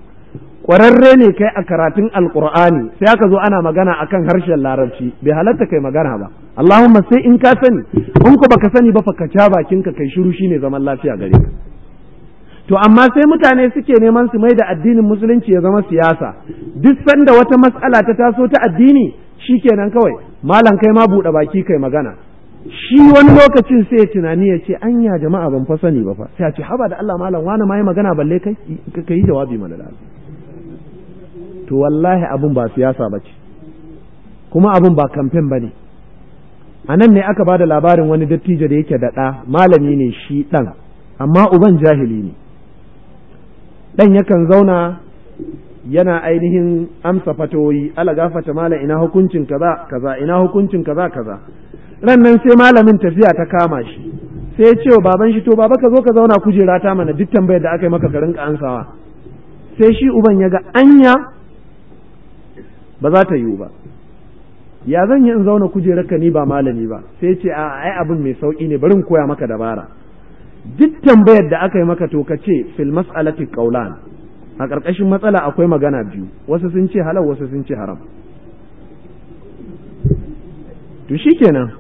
Kwararre ne kai a karatun alkur'ani sai aka zo ana magana a kan harshen larabci bai halatta kai magana ba Allahumma sai in ka sani in ku baka sani ba ka ca ka kai shiru shine zaman lafiya gare ka to amma sai mutane suke neman su mai da addinin musulunci ya zama siyasa duk sanda wata mas'ala ta taso ta addini shi kenan kawai malam kai ma buɗe baki kai magana shi wani lokacin sai tunani ya ce anya jama'a ban fa sani ba fa sai a ce haba da Allah malam wani ma yi magana balle kai ka yi jawabi mana da Allah to wallahi abun ba siyasa ba ce kuma abun ba kamfen ba ne a nan ne aka ba da labarin wani dattijo da yake daɗa malami ne shi ɗan amma uban jahili ne ɗan yakan zauna yana ainihin amsa fatoyi ala gafata malam ina hukuncin kaza kaza ina hukuncin kaza kaza ran nan sai malamin tafiya ta kama shi sai ya ce wa baban shi to baba ka zo ka zauna kujera ta mana duk tambayar da aka yi maka ka rinka ansawa sai shi uban ya ga anya ba za ta yiwu ba ya zan yi in zauna kujerar ka ni ba malami ba sai ce a ai abin mai sauki ne bari in koya maka dabara duk tambayar da aka yi maka to ka ce fil mas'alati qawlan a ƙarƙashin matsala akwai magana biyu wasu sun ce halal wasu sun ce haram to shikenan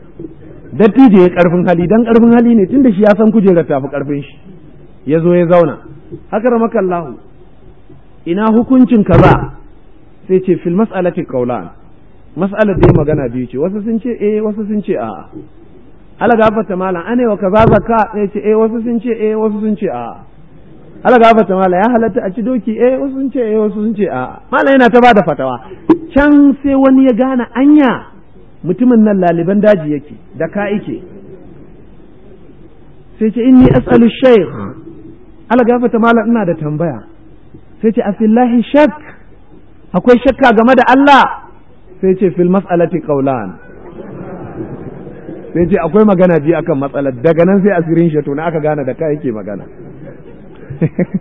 dattijo ya karfin hali dan karfin hali ne tunda shi ya san kujerar tafi karfin shi ya zo ya zauna haka ramakallahu ina hukuncin kaza sai ce fil mas'alati qawlan mas'alar dai magana biyu ce wasu sun ce eh wasu sun ce a'a ala gafarta malam ane wa kaza zakka sai ce eh wasu sun ce eh wasu sun ce a'a ala gafarta malam ya halatta a ci doki eh wasu sun ce eh wasu sun ce a'a malam yana ta bada fatawa can sai wani ya gane anya mutumin nan laliban daji yake da ka yake sai ce inni as'alu shaykh ala gafarta malam ina da tambaya sai ce afillahi shakk akwai shakka game da Allah sai ce fil mas'alati qawlan sai ce akwai magana biyu akan matsalar daga nan sai asirin shi to na aka gane da kai yake magana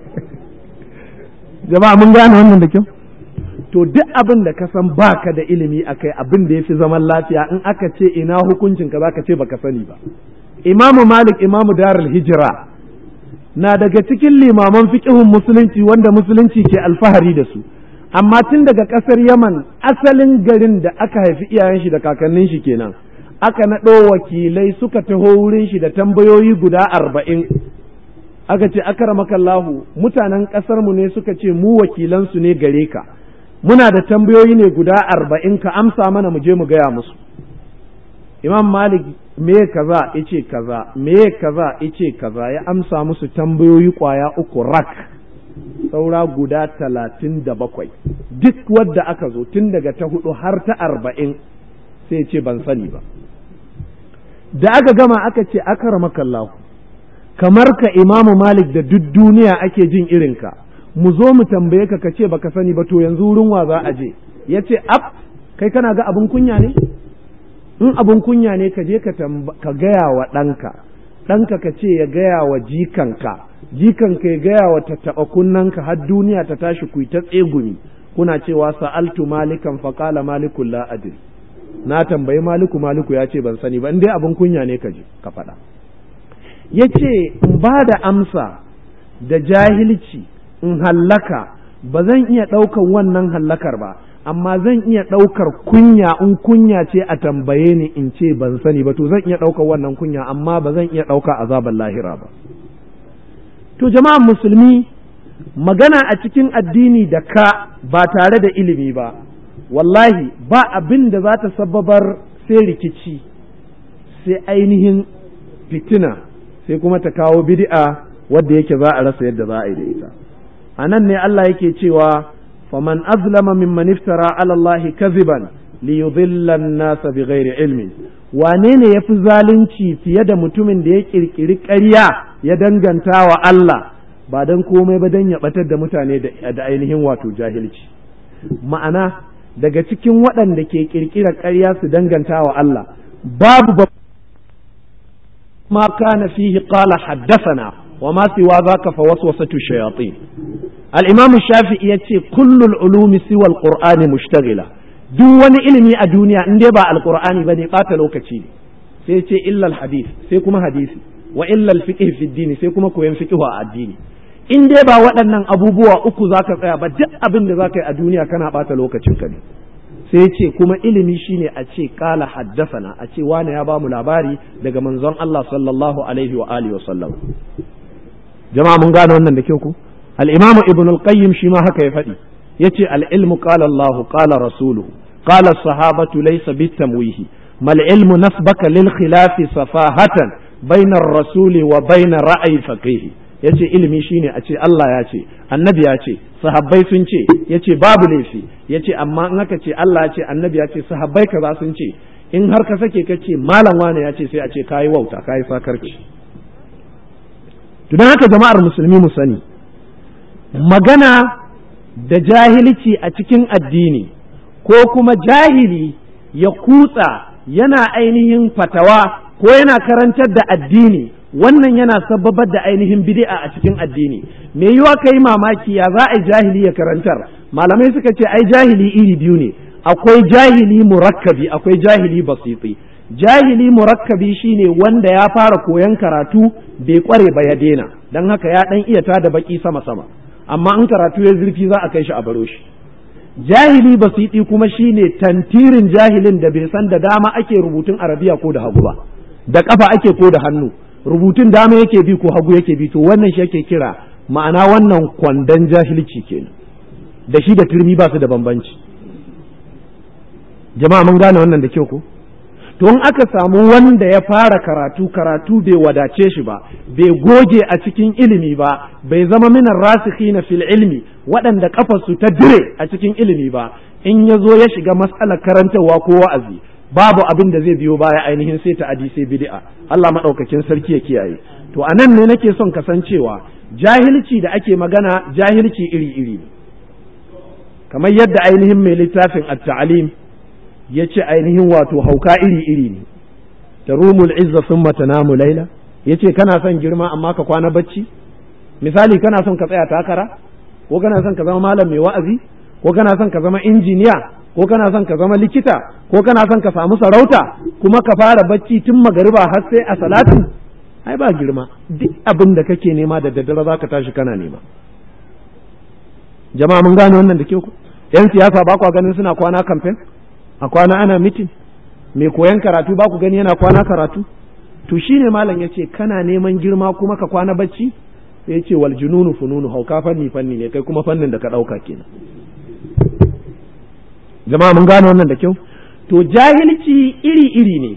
jama'a mun gane wannan da kyau to duk abin da ka san baka da ilimi akai abin da yafi zaman lafiya in aka ce ina hukuncin ka zaka ce baka sani ba imamu malik imamu darul hijra na daga cikin limaman fiqihun musulunci wanda musulunci ke alfahari da su amma tun daga ƙasar yaman asalin garin da aka haifi iyayen shi da kakannin shi kenan aka naɗo wakilai suka taho wurin shi da tambayoyi guda arba'in aka ce akaramakallahu mutanen ƙasarmu ne suka ce mu wakilansu ne gare ka muna da tambayoyi ne guda arba'in ka amsa mana mu je mu gaya musu imam malik me kaza ice kaza me kaza ice kaza ya amsa musu tambayoyi kwaya uku rak saura guda talatin da bakwai duk wadda aka zo tun daga ta hudu har ta arba'in sai ce ban sani ba da aka gama aka ce aka ramakallahu kamar ka imamu malik da duk duniya ake jin irinka mu zo mu tambaye ka ka ce baka sani ba to yanzu wurin wa za a je ya ce ab kai kana ga abin kunya ne in abin kunya ne ka je ka gaya wa ɗanka ɗanka ka ce ya gaya wa jikanka jikan kai gaya wa tattaɓa kunnanka har duniya ta tashi ku ta tsegumi kuna cewa sa'altu malikan faƙala malikun la na tambayi maliku maliku ya ce ban sani ba dai abin kunya ne ka ka faɗa ya ce in ba da amsa da jahilci in hallaka ba zan iya ɗaukar wannan hallakar ba amma zan iya ɗaukar kunya in kunya ce a tambaye ni in ce ban sani ba to zan iya ɗaukar wannan kunya amma ba zan iya ɗauka azabar lahira ba to jama'an musulmi magana a cikin addini da ka ba tare da ilimi ba wallahi ba abin da za ta sababar sai rikici sai ainihin fitina sai kuma ta kawo bid'a wadda yake za a rasa yadda za a yi da ita a nan ne Allah yake cewa faman azlama mimman iftara ala Allah kaziban li nasa an-nas bighairi ilmin wane ne ya fi zalunci fiye da mutumin da ya ƙirƙiri ƙarya ya danganta wa Allah ba don komai ba don ya ɓatar da mutane da ainihin wato jahilci ma'ana daga cikin waɗanda ke ƙirƙirar ƙarya su danganta wa Allah babu ba ma kana fihi qala haddathana wa ma siwa zaka fa tu shayatin al-imam shafi'i yace kullul ulumi siwa al-qur'ani mushtaghila duk wani ilimi a duniya in dai ba Alkur'ani ba ne bata lokaci ne sai ce illal hadis sai kuma hadisi wa illal fiqh fi dini sai kuma koyan fiqh a addini in dai ba waɗannan abubuwa uku zaka tsaya ba duk abin da zaka yi a duniya kana bata lokacin ka ne sai ce kuma ilimi shine a ce kala haddasana a ce wani ya bamu labari daga manzon Allah sallallahu alaihi wa alihi wa sallam jama'a mun gane wannan da kyau ku al-imamu ibn al-qayyim shi ma haka ya faɗi yace al'ilmu ilmu qala Allah qala rasuluhu qala sahabatu laysa bitamwihi mal ilmu nasbaka lil khilafi safahatan bayna ar-rasuli wa bayna ra'i faqih yace ilimi shine a ce Allah ya ce annabi ya ce sahabbai sun ce yace babu laifi yace amma in aka ce Allah ya ce annabi ya ce sahabbai kaza sun ce in har ka sake kace malam wane ya ce sai a ce kayi wauta kayi sakarci to dan haka jama'ar musulmi mu sani magana da jahilci a cikin addini ko kuma jahili ya kutsa yana ainihin fatawa ko yana karantar da addini wannan yana sababar da ainihin bid'a a cikin addini me yiwa ka yi mamaki ya za a jahili ya karantar malamai suka ce ai jahili iri biyu ne akwai jahili murakkabi akwai jahili basiti jahili murakkabi shine wanda ya fara koyon karatu bai kware ba ya daina don haka ya dan iya tada baki sama sama amma in karatu ya zurfi za a kai shi a baro shi jahili basiti kuma shine tantirin jahilin da bai san da dama ake rubutun arabiya ko da hagu ba da kafa ake ko da hannu rubutun dama yake bi ko hagu yake bi to wannan shi yake kira ma'ana wannan kwandon jahilci kenan da shi da turmi ba su da bambanci jama'a mun gane wannan da kyau ko don aka samu wanda ya fara karatu karatu bai wadace shi ba bai goge a cikin ilimi ba bai zama mina rasiki na fil ilmi waɗanda kafarsu ta dire a cikin ilimi ba in ya zo ya shiga matsalar karantarwa ko wa'azi babu abin da zai biyo baya ainihin sai adi sai bid'a Allah madaukakin sarki ya kiyaye to a nan ne nake son kasancewa jahilci da ake magana jahilci iri iri kamar yadda ainihin mai littafin at-ta'lim ya ce ainihin wato hauka iri-iri ne ta rumul izza sun mata namu laila ya ce kana son girma amma ka kwana bacci misali kana son ka tsaya takara ko kana son ka zama malam mai wa'azi ko kana son ka zama injiniya ko kana son ka zama likita ko kana son ka samu sarauta kuma ka fara bacci tun magariba har sai a salatin, ai ba girma duk abin da kake nema da daddare za ka tashi kana nema jama'a mun gane wannan da ke ku yan siyasa ba kwa ganin suna kwana kamfen a kwana ana mitin mai koyan karatu ba ku gani yana kwana karatu to shi ne malam ya yace kana neman girma kuma ka kwana bacci sai ce wal jununu fununu hauka fanni fanni ne kai kuma fannin da ka ɗauka kenan jama'a mun gane wannan da kyau to jahilci iri iri ne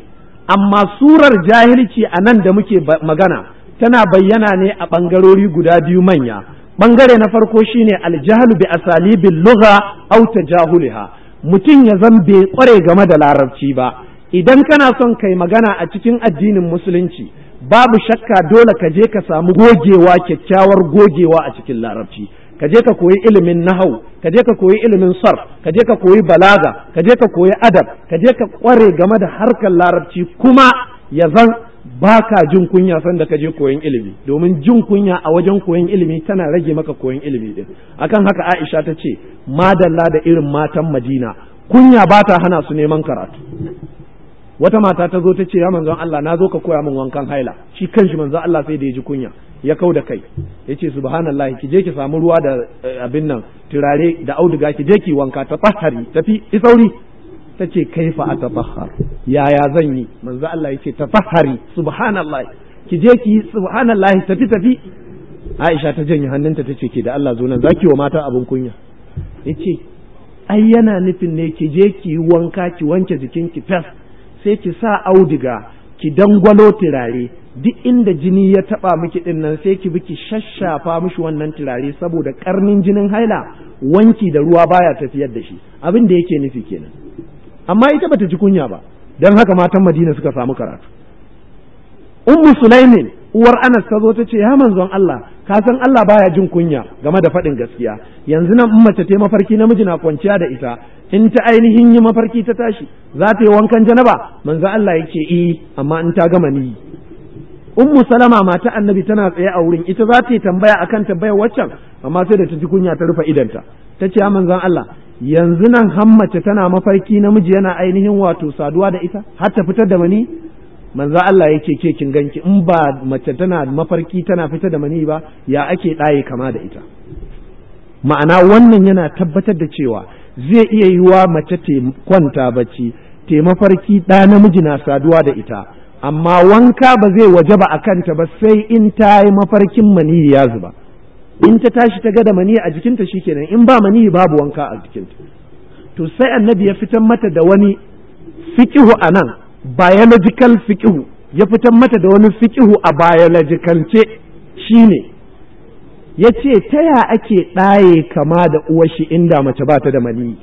amma surar jahilci a nan da muke magana tana bayyana ne a ɓangarori guda biyu manya Ɓangare na farko shine aljahalu bi asalibil lugha aw tajahuliha mutum ya zan bai kware game da larabci ba idan kana son kai magana a cikin addinin musulunci babu shakka dole ka je ka samu gogewa kyakkyawar gogewa a cikin larabci ka je ka koyi ilimin nahau ka je ka koyi ilimin sarf ka je ka koyi balaga ka je ka koyi adab ka je ka kware game da harkar larabci kuma ya zan ba ka jin kunya sanda ka je koyon ilimi domin jin kunya a wajen koyon ilimi tana rage maka koyon ilimi din akan haka Aisha ta ce madalla da irin matan Madina kunya ba ta hana su neman karatu wata mata ta zo ta ce ya manzon Allah na zo ka koya min wankan haila shi kanshi manzon Allah sai da ya ji kunya ya kau da kai ya ce subhanallahi ki je ki samu ruwa da eh, abin nan turare da auduga ki je ki wanka ta tsahari tafi isauri ta ce kaifa a tafahar yaya zan yi manzo Allah ya tafahari subhanallah ki je ki subhanallah tafi tafi Aisha ta janye hannunta ta ce ke da Allah zo nan zaki wa mata abin kunya yace ai yana nufin ne ki je ki wanka ki wanke ki kifes sai ki sa audiga ki dangwalo turare duk inda jini ya taba miki din nan sai ki biki shashafa mishi wannan turare saboda karnin jinin haila wanki da ruwa baya tafiyar da shi abin da yake nufi kenan amma ita bata ji kunya ba don haka matan Madina suka samu karatu ummu sulaimi uwar Anas ta zo ta ce ya manzon Allah ka san Allah baya jin kunya game da faɗin gaskiya yanzu nan in mace ta mafarki namiji na kwanciya da ita in ta ainihin yi mafarki ta tashi za ta yi wankan janaba manzo Allah ya ce eh amma in ta gama ni ummu salama mata annabi tana tsaye a wurin ita za ta yi tambaya akan tambayar waccan amma sai da ta ji kunya ta rufe idanta ta ce manzon Allah yanzu nan hammace tana mafarki namiji yana ainihin wato saduwa da ita har ta fitar da mani manzon Allah yake ke kin ganki in ba mace tana mafarki tana fitar da mani ba ya ake ɗaye kama da ita ma'ana wannan yana tabbatar da cewa zai iya yiwa mace te kwanta bacci te mafarki ɗa namiji na saduwa da ita amma wanka ba zai waje ba a kanta ba sai in ta yi mafarkin mani ya zuba in ta tashi ta ga da mani a jikinta shikenan in ba mani babu wanka a jikinta to sai annabi ya fitar mata da wani fiqihu anan biological fiqihu ya fitar mata da wani fiqihu a ce shine ya ce ta ya ake ɗaye kama da uwashi inda mace ba ta da mani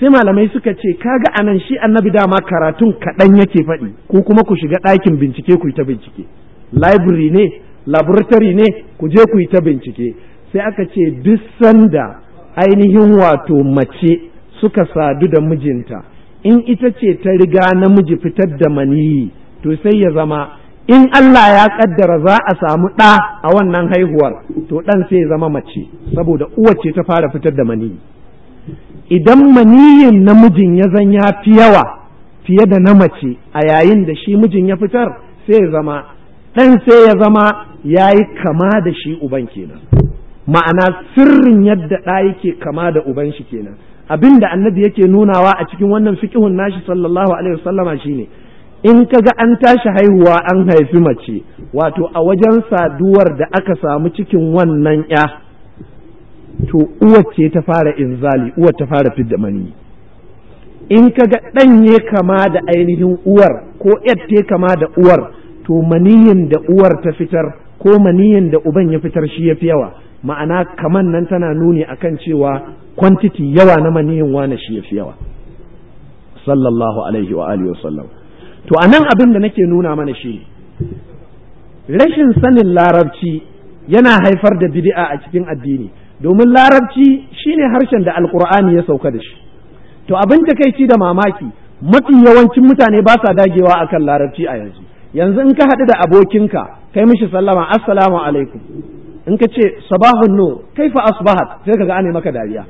sai malamai suka ce kaga anan shi annabi dama karatun kaɗan yake faɗi ko kuma ku shiga ɗakin bincike ku yi ta bincike library ne laboratory ne ku je ku yi ta bincike sai aka ce duk sanda ainihin wato mace suka sadu da mijinta in ita ce ta riga namiji fitar da maniyi to sai ya zama in Allah ya kaddara za a samu ɗa a wannan haihuwar to ɗan sai ya zama mace saboda uwa ta fara fitar da maniyi idan maniyin namijin ya zan ya fi yawa fiye da na mace a yayin da shi mijin ya fitar sai ya zama ɗan sai ya zama ya yi kama da shi uban kenan ma'ana sirrin yadda ɗa yake kama da uban shi kenan abin da annabi yake nunawa a cikin wannan fiƙihun nashi sallallahu alaihi wasallama shine in ka ga an tashi haihuwa an haifi mace wato a wajen saduwar da aka samu cikin wannan ya to uwar ta fara inzali uwar ta fara fidda mani in ka ga ɗanye kama da ainihin uwar ko yadda kama da uwar to maniyin da uwar ta fitar ko maniyin da uban ya fitar shi ya fi yawa ma'ana kaman nan tana nuni akan cewa kwantiti yawa na maniyin wane shi ya fi yawa sallallahu alaihi wa alihi wasallam to anan abin da nake nuna mana shi rashin sanin larabci yana haifar da bid'a a cikin addini domin larabci shine harshen da alkur'ani ya sauka da shi to abin takaici da mamaki mafi yawancin mutane ba sa dagewa akan larabci a yanzu yanzu in ka haɗu da abokinka kai mishi sallama assalamu alaikum in ka ce sabahun nur fa asbahat sai ka ga ane maka dariya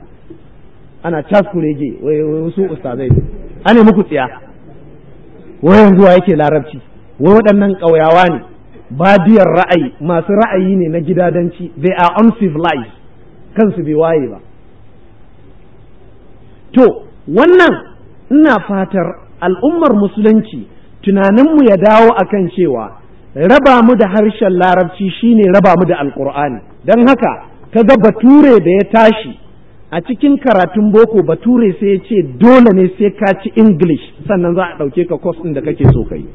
ana caskurege wai wasu ustazai ane muku tsiya wai yanzu wa yake larabci wai waɗannan ƙauyawa ne badiyar ra'ayi masu ra'ayi ne na gidadanci they are uncivilized kansu bai waye ba to wannan ina fatar al'ummar musulunci tunaninmu ya dawo a kan cewa raba mu da harshen larabci shine raba mu da alkur'ani don haka kaga bature da ya tashi a cikin karatun boko bature sai ya ce dole ne sai ka ci english sannan za a ɗauke ka kwas ɗin da kake so ka yi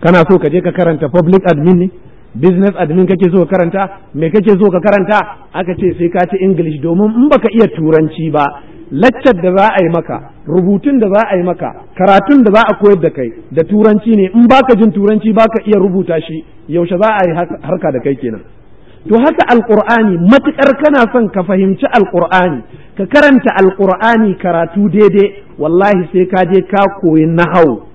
kana so ka je ka karanta public admin ne business admin kake so ka karanta me kake so ka karanta aka ce sai ka ci english domin in baka iya turanci ba laccar da za a yi maka rubutun da za a yi maka karatun da za a koyar da kai da turanci ne in baka jin turanci baka iya rubuta shi yaushe za a yi harka da kai kenan to haka alqur'ani matukar kana son ka fahimci alqur'ani ka karanta alqur'ani karatu daidai wallahi sai ka je ka koyi nahau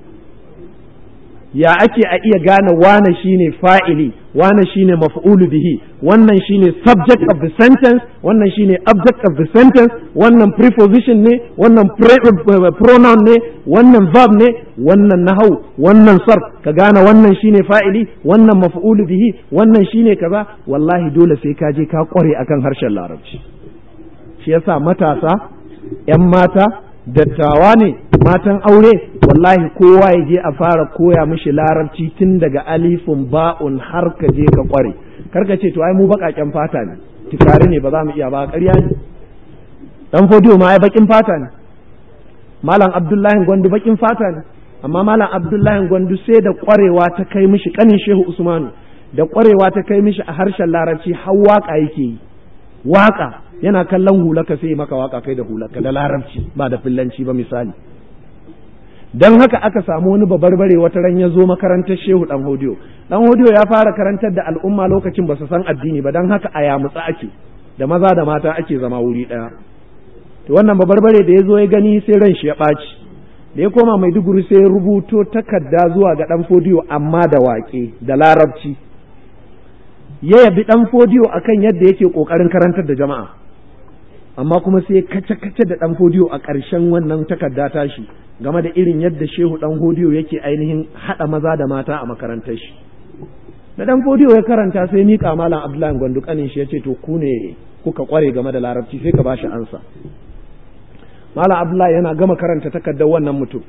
ya ake a iya gane wane shine fa'ili Wannan shine maf'ulu bihi wannan shine subject of the sentence wannan shine object of the sentence wannan preposition ne wannan uh, pronoun ne wannan verb ne wannan nahau wannan sarf ka gane wannan shine fa'ili wannan maf'ulu bihi wannan shine kaza wallahi dole sai ka je ka kware akan harshen larabci shi yasa matasa 'yan mata dattawa ne matan aure wallahi kowa ya je a fara koya mishi larabci tun daga alifin ba'un har ka je ka kware karka ce to ai mu baƙaƙen fata ne tikari ne ba za mu iya ba ƙarya ne dan fodiyo ma ai baƙin fata ne malam abdullahi gwandu baƙin fata ne amma malam abdullahi gwandu sai da kwarewa ta kai mishi kanin shehu usmanu da kwarewa ta kai mishi a harshen larabci har waka yake yi waka yana kallon ka sai maka waka kai da hularka da larabci ba da fillanci ba misali don haka aka samu wani babarbare wata ran ya zo makarantar shehu dan hodiyo dan hodiyo ya fara karantar da al'umma lokacin ba su san addini ba don haka a yamutsa ake da maza da mata ake zama wuri daya. to wannan babarbare da ya zo ya gani sai ran shi ya ɓaci da ya koma mai maiduguri sai ya rubuto takarda zuwa ga dan fodiyo amma da waƙe da larabci ya yabi dan fodiyo akan yadda yake ƙoƙarin karantar da jama'a amma kuma sai kace-kace da ɗan hodiyo a ƙarshen wannan takarda tashi game da irin yadda shehu ɗan hodiyo yake ainihin haɗa maza da mata a makarantar shi da ɗan hodiyo ya karanta sai miƙa malam abdullahi gwandu ƙanin shi ya ce to ku ne kuka ƙware game da larabci sai ka ba shi ansa malam abdullahi yana gama karanta takardar wannan mutum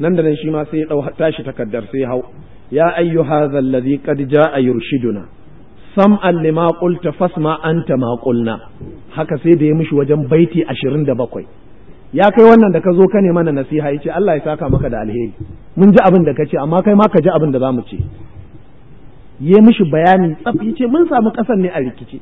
nan da nan shi ma sai ya tashi takardar sai hau ya ayyuha zallazi qad jaa yurshiduna sam'an lima qulta fasma anta ma qulna haka sai da ya mishi wajen baiti ashirin 27 ya kai wannan da ka zo ka ne mana nasiha yace Allah ya saka maka da alheri mun ji abin da ce amma kai ma ka ji abin da zamu ce ya mishi bayani tsaf yace mun samu kasan ne a rikici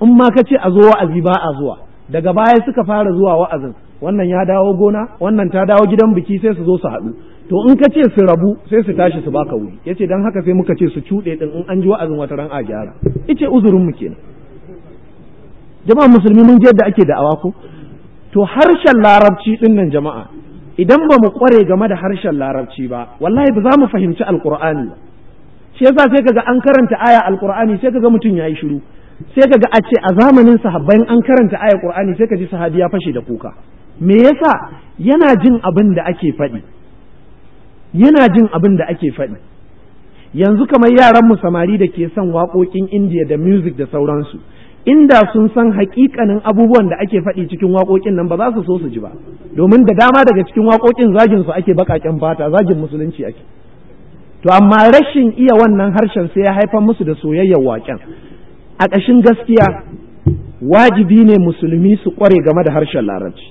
in ma ka ce a zo wa'azi ba a zuwa daga baya suka fara zuwa wa'azin wannan ya dawo gona wannan ta dawo gidan biki sai su zo su haɗu to in ka ce su rabu sai su tashi su baka wuri ya ce dan haka sai muka ce su cuɗe din in an ji wa'azin wata ran a gyara ice uzurin mu kenan jama'a musulmi mun je yadda ake awa ko to harshen larabci din nan jama'a idan ba mu kware game da harshen larabci ba wallahi ba za mu fahimci alqur'ani ba shi yasa sai kaga an karanta aya alqur'ani sai kaga mutum yayi shiru sai kaga a ce a zamanin sahabbai an karanta aya qur'ani sai ka ji sahabi ya fashe da kuka me yasa yana jin abin da ake faɗi yana jin abin da ake faɗi yanzu kamar yaran mu samari da ke son waƙoƙin indiya da music da sauransu inda sun san haƙiƙanin abubuwan da ake faɗi cikin waƙoƙin nan ba za su so su ji ba domin da dama daga cikin waƙoƙin zagin su ake baƙaƙen fata zagin musulunci ake to amma rashin iya wannan harshen sai ya haifar musu da soyayyar waƙen a ƙashin gaskiya wajibi ne musulmi su ƙware game da harshen larabci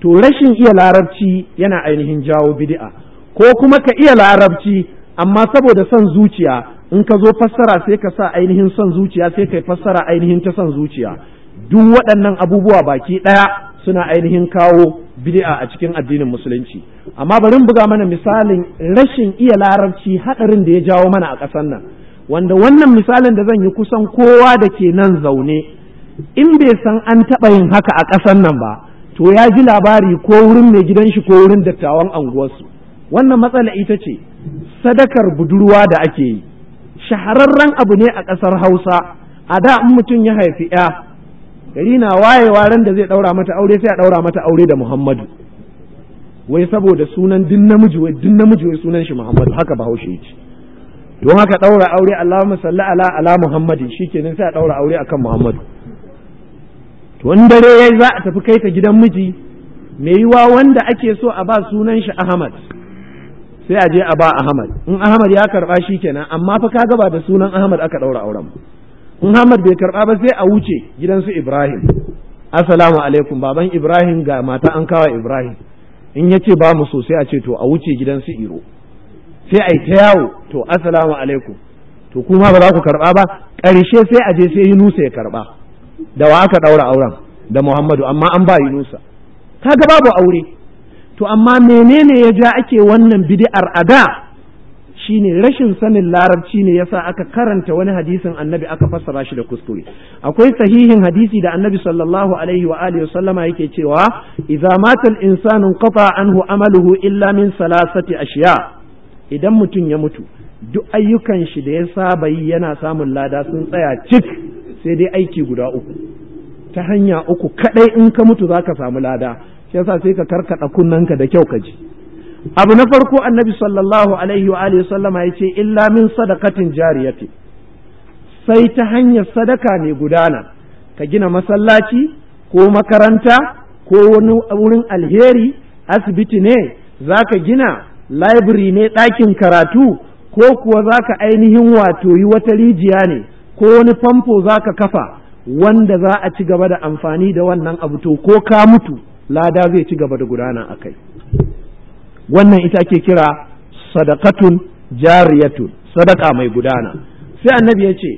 to rashin iya larabci yana ainihin jawo bidi'a. ko kuma ka iya larabci amma saboda son zuciya in ka zo fassara sai ka sa ainihin son zuciya sai ka fassara ainihin ta son zuciya duk waɗannan abubuwa baki ɗaya suna ainihin kawo bidi'a a cikin addinin musulunci amma bari mu buga mana misalin rashin iya larabci hadarin da ya jawo mana a ƙasar nan wanda wannan misalin da zan yi kusan kowa da ke nan zaune in bai san an taɓa yin haka a ƙasar nan ba to ya ji labari ko wurin mai gidan shi ko wurin dattawan anguwarsu wannan matsala ita ce sadakar budurwa da ake yi shahararren abu ne a ƙasar hausa a da in mutum ya haifi ya gari na wayewa ran da zai ɗaura mata aure sai a ɗaura mata aure da muhammadu wai saboda sunan din namiji wai din namiji wai sunan shi muhammadu haka bahaushe ya ce don haka ɗaura aure allahumma salli ala ala muhammadin shikenan sai a ɗaura aure akan muhammadu to in dare yayi za a tafi kai ta gidan miji me yiwa wanda ake so a ba sunan shi ahmad sai a je a ba Ahmad in Ahmad ya karba kenan amma fa kaga ba da sunan Ahmad aka daura auren in Ahmad bai karba ba sai a wuce gidansu Ibrahim assalamu alaikum baban Ibrahim ga mata an kawo Ibrahim in yace ba mu so sai a ce to a wuce gidansu Iro sai ai ta yawo to assalamu alaikum to kuma ba za ku karba ba ƙarshe sai a je sai Yunusa ya karba da wa aka daura auren da Muhammadu amma an ba Yunusa kaga babu aure to amma menene ya ja ake wannan bid'ar a da shine rashin sanin larabci ne yasa aka karanta wani hadisin annabi aka fassara shi da kuskure akwai sahihin hadisi da annabi sallallahu alaihi wa alihi sallama yake cewa idza mata al insanu qata anhu amaluhu illa min salasati ashiya idan mutum ya mutu duk ayyukan shi da ya saba yi yana samun lada sun tsaya cik sai dai aiki guda uku ta hanya uku kadai in ka mutu zaka samu lada shi yasa sai ka karkada kunnanka da kyau ka ji abu na farko annabi sallallahu alaihi wa alihi sallama ya ce illa min sadaqatin jariyati sai ta hanyar sadaka ne gudana ka gina masallaci ko makaranta ko wani wurin alheri asibiti ne zaka gina library ne ɗakin karatu ko kuwa zaka ainihin wato yi wata rijiya ne ko wani famfo zaka kafa wanda za a ci gaba da amfani da wannan abu to ko ka mutu lada zai ci gaba da gudana a kai wannan ita ake kira sadakatun jariyatun sadaka mai gudana sai annabi ya ce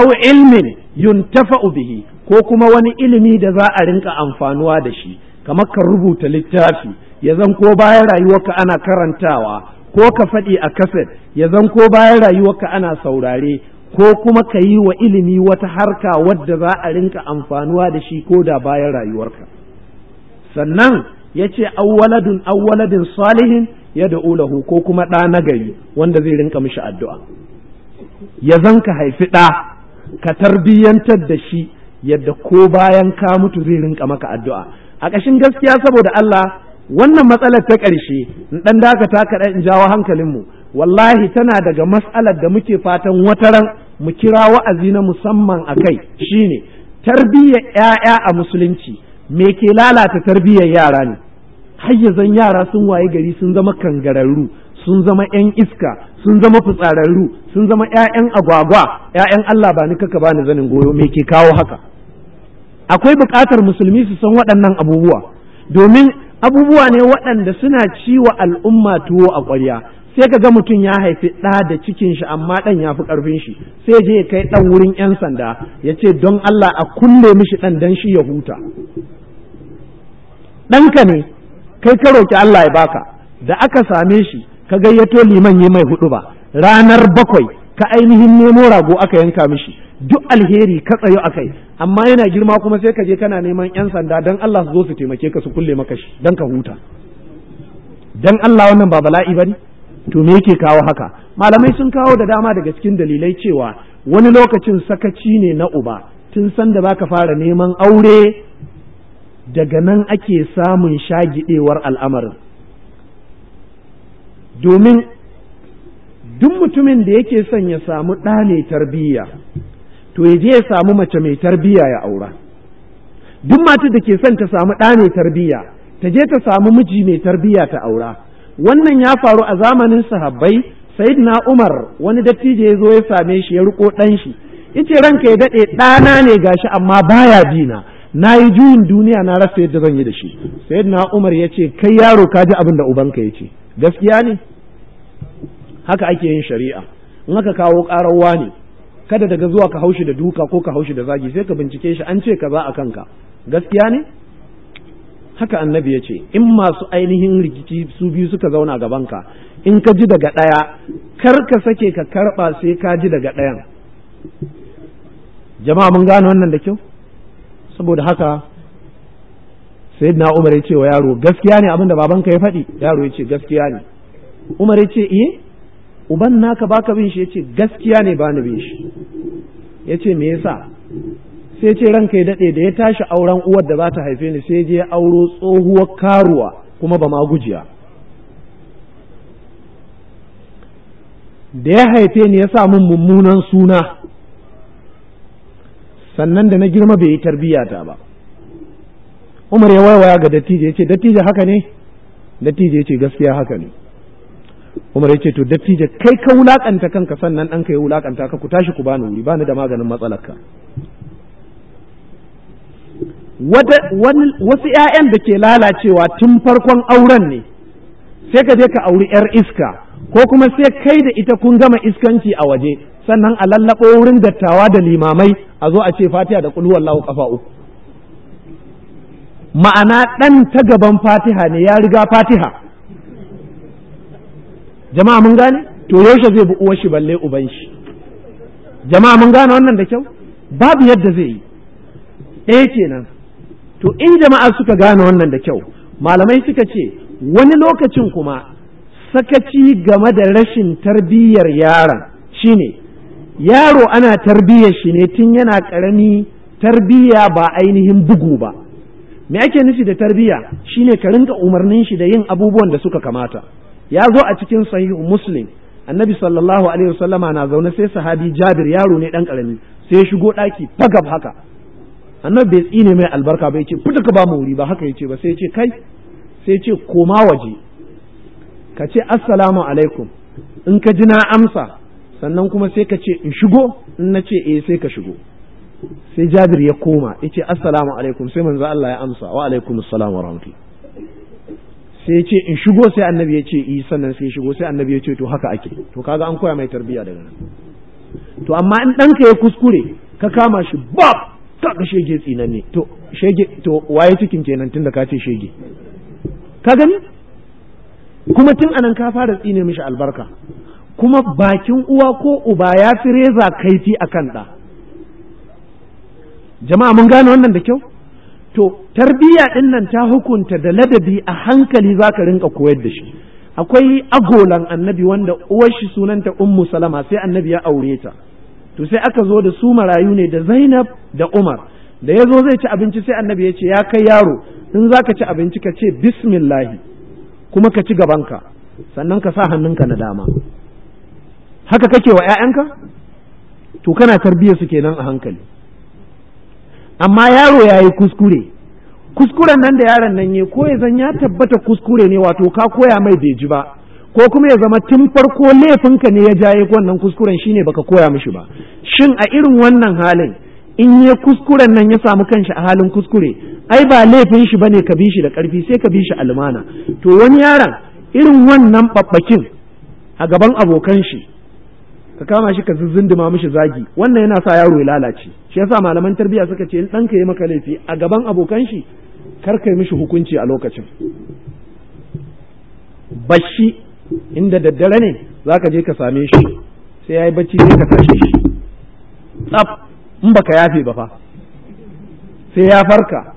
au ilmin yuntafa'u bihi ko kuma wani ilimi da za a rinka amfanuwa da shi kamar ka rubuta littafi ya zan ko bayan rayuwarka ana karantawa ko ka faɗi a kaset ya zan ko bayan rayuwarka ana saurare ko kuma ka yi wa ilimi wata harka wadda za a rinka amfanuwa da shi ko da bayan rayuwarka sannan ya ce awwaladun awwaladin salihin ya da ulahu ko kuma ɗa na gari wanda zai rinka mishi addu'a ya zan ka haifi ɗa ka tarbiyyantar da shi yadda ko bayan ka mutu zai rinka maka addu'a a ƙashin gaskiya saboda Allah wannan matsalar ta ƙarshe in ɗan dakata kaɗan in jawo hankalinmu wallahi tana daga matsalar da muke fatan wataran mu kira wa'azi na musamman a kai shine tarbiyyar ‘ya'ya a musulunci me ke lalata tarbiyyar yara ne hayyazan yara sun waye gari sun zama kangararru sun zama 'yan iska sun zama fitsararru sun zama 'ya'yan agwagwa 'ya'yan Allah ba ni kaka bani zanin goyo me ke kawo haka akwai buƙatar musulmi su san waɗannan abubuwa domin abubuwa ne waɗanda suna ciwa al'umma tuwo a ƙwarya sai ka ga mutum ya haifi ɗa da cikin shi amma ɗan ya fi ƙarfin shi sai je kai ɗan wurin 'yan sanda ya ce don Allah a kulle mishi ɗan don shi ya huta ɗanka ne kai ka roƙi Allah ya baka da aka same shi ka gayyato liman ya mai hudu ba ranar bakwai ka ainihin nemo rago aka yanka mishi duk alheri ka tsayo a kai amma yana girma kuma sai ka je kana neman 'yan sanda don Allah su zo su taimake ka su kulle maka shi don ka huta don Allah wannan ba bala'i ba ne to me yake kawo haka malamai sun kawo da dama daga cikin dalilai cewa wani lokacin sakaci ne na uba tun san da zaka fara neman aure daga nan ake samun shagidewar al'amarin domin duk mutumin da yake son ya samu ɗa mai tarbiyya to ya je ya samu mace mai tarbiyya ya aura duk matar da ke son ta samu ɗa mai tarbiyya ta je ta samu miji mai tarbiyya ta aura wannan ya faru a zamanin sahabbai sayyidina umar wani dattijo ya zo ya same shi ya riko dan shi yace ranka ya dade ɗana ne gashi amma baya dina. na yi juyin duniya na rasa yadda zan yi da shi sayyidina umar yace kai yaro ka ji abin da ubanka ya ce gaskiya ne haka ake yin shari'a in aka kawo ƙararwa ne kada daga zuwa ka haushi da duka ko ka haushi da zagi sai ka bincike shi an ce kaza a kanka gaskiya ne haka annabi ya ce in masu ainihin rikici su biyu suka zauna gaban ka in ka ji daga ɗaya kar ka sake ka karɓa sai ka ji daga ɗayan jama'a mun gane wannan da kyau saboda haka na umar ya ce wa yaro gaskiya ne abinda babanka ya faɗi yaro ya ce gaskiya ne umar ya ce iye eh, uban naka baka bin shi ya ce gaskiya ne bani bin shi ya ce me yasa sai ce ranka ya daɗe da ya tashi auren uwar da za ta haife ni sai je auro tsohuwar karuwa kuma ba ma gujiya da ya haife ni ya sa min mummunan suna sannan da na girma bai yi tarbiyyata ba umar ya waiwaya ga dattijo ya ce dattijo haka ne dattijo ya ce gaskiya haka ne umar ya ce to dattijo kai ka wulakanta kanka sannan ɗanka ya wulakanta ka ku tashi ku bani wuri bani da maganin matsalarka wasu ‘ya'yan da ke lalacewa tun farkon auren ne sai ka je ka auri ‘yar iska ko kuma sai kai da ita kun gama iskanci a waje sannan a lallaɓo wurin dattawa da limamai a zo a ce fatiha da kulhuwar lahu kafa uku ma'ana ɗan ta gaban fatiha ne ya riga fatiha jama'a mun gane to yaushe zai bi uwar shi balle uban shi jama'a mun gane wannan da kyau babu yadda zai yi ɗaya kenan to in jama'a suka gane wannan da kyau malamai suka ce wani lokacin kuma sakaci game da rashin tarbiyyar yaron shine yaro ana tarbiyyar shi ne tun yana ƙarami tarbiyya ba ainihin bugu ba me ake nufi da tarbiyya shine ka rinka umarnin shi da yin abubuwan da suka kamata ya zo a cikin sahihu muslim annabi sallallahu alaihi wasallama na zaune sai sahabi jabir yaro ne dan karami sai ya shigo daki fagab haka annabi bai tsine mai albarka ba yace fita ka ba mu wuri ba haka yace ba sai yace kai sai yace koma waje ka ce assalamu alaikum in ka ji na amsa sannan kuma sai ka ce in shigo in na ce eh sai ka shigo sai Jabir ya koma yace assalamu alaikum sai manzo Allah ya amsa wa alaikum assalam wa rahmatullah sai yace in shigo sai annabi ya ce eh sannan sai shigo sai annabi ya ce to haka ake to kaga an koya mai tarbiyya daga nan to amma in ɗanka ya kuskure ka kama shi bab ta ga shege ne to shege to waye cikin kenan tunda ka ce shege ka gani kuma tun anan ka fara tsine mishi albarka kuma bakin uwa ko uba ya fi reza kaifi akan ɗa jama'a mun gane wannan da kyau to tarbiyya din nan ta hukunta da ladabi a hankali za ka rinka koyar da shi akwai agolan annabi wanda uwar shi sunanta ummu salama sai annabi ya aure ta to sai aka zo da su marayu ne da Zainab da Umar da ya zo zai ci abinci sai annabi ya ce ya kai yaro in za ka ci abinci ka ce bismillahi kuma ka ci gabanka sannan ka sa hannunka na dama haka kake wa 'ya'yanka to kana tarbiyyar su kenan a hankali amma yaro ya yi kuskure kuskuren nan da yaron nan ya ko ya zan ya tabbata kuskure ne wato ka koya mai bai ji ba ko kuma ya zama tun farko laifinka ne ya jaye wannan kuskuren shine baka koya mishi ba shin a irin wannan halin in ya kuskuren nan ya samu kanshi a halin kuskure ai ba laifin shi bane ka bi shi da karfi sai ka bi shi almana to wani yaron irin wannan babbakin a gaban abokan shi ka kama shi ka zuzzunduma mishi zagi wannan yana sa yaro ya lalace shi yasa malaman tarbiyya suka ce in ɗanka yi maka laifi a gaban abokan shi kar yi mishi hukunci a lokacin bashi inda daddare ne zaka je ka same shi sai yayi bacci sai ka tashi shi tsaf in baka yafe ba fa sai ya farka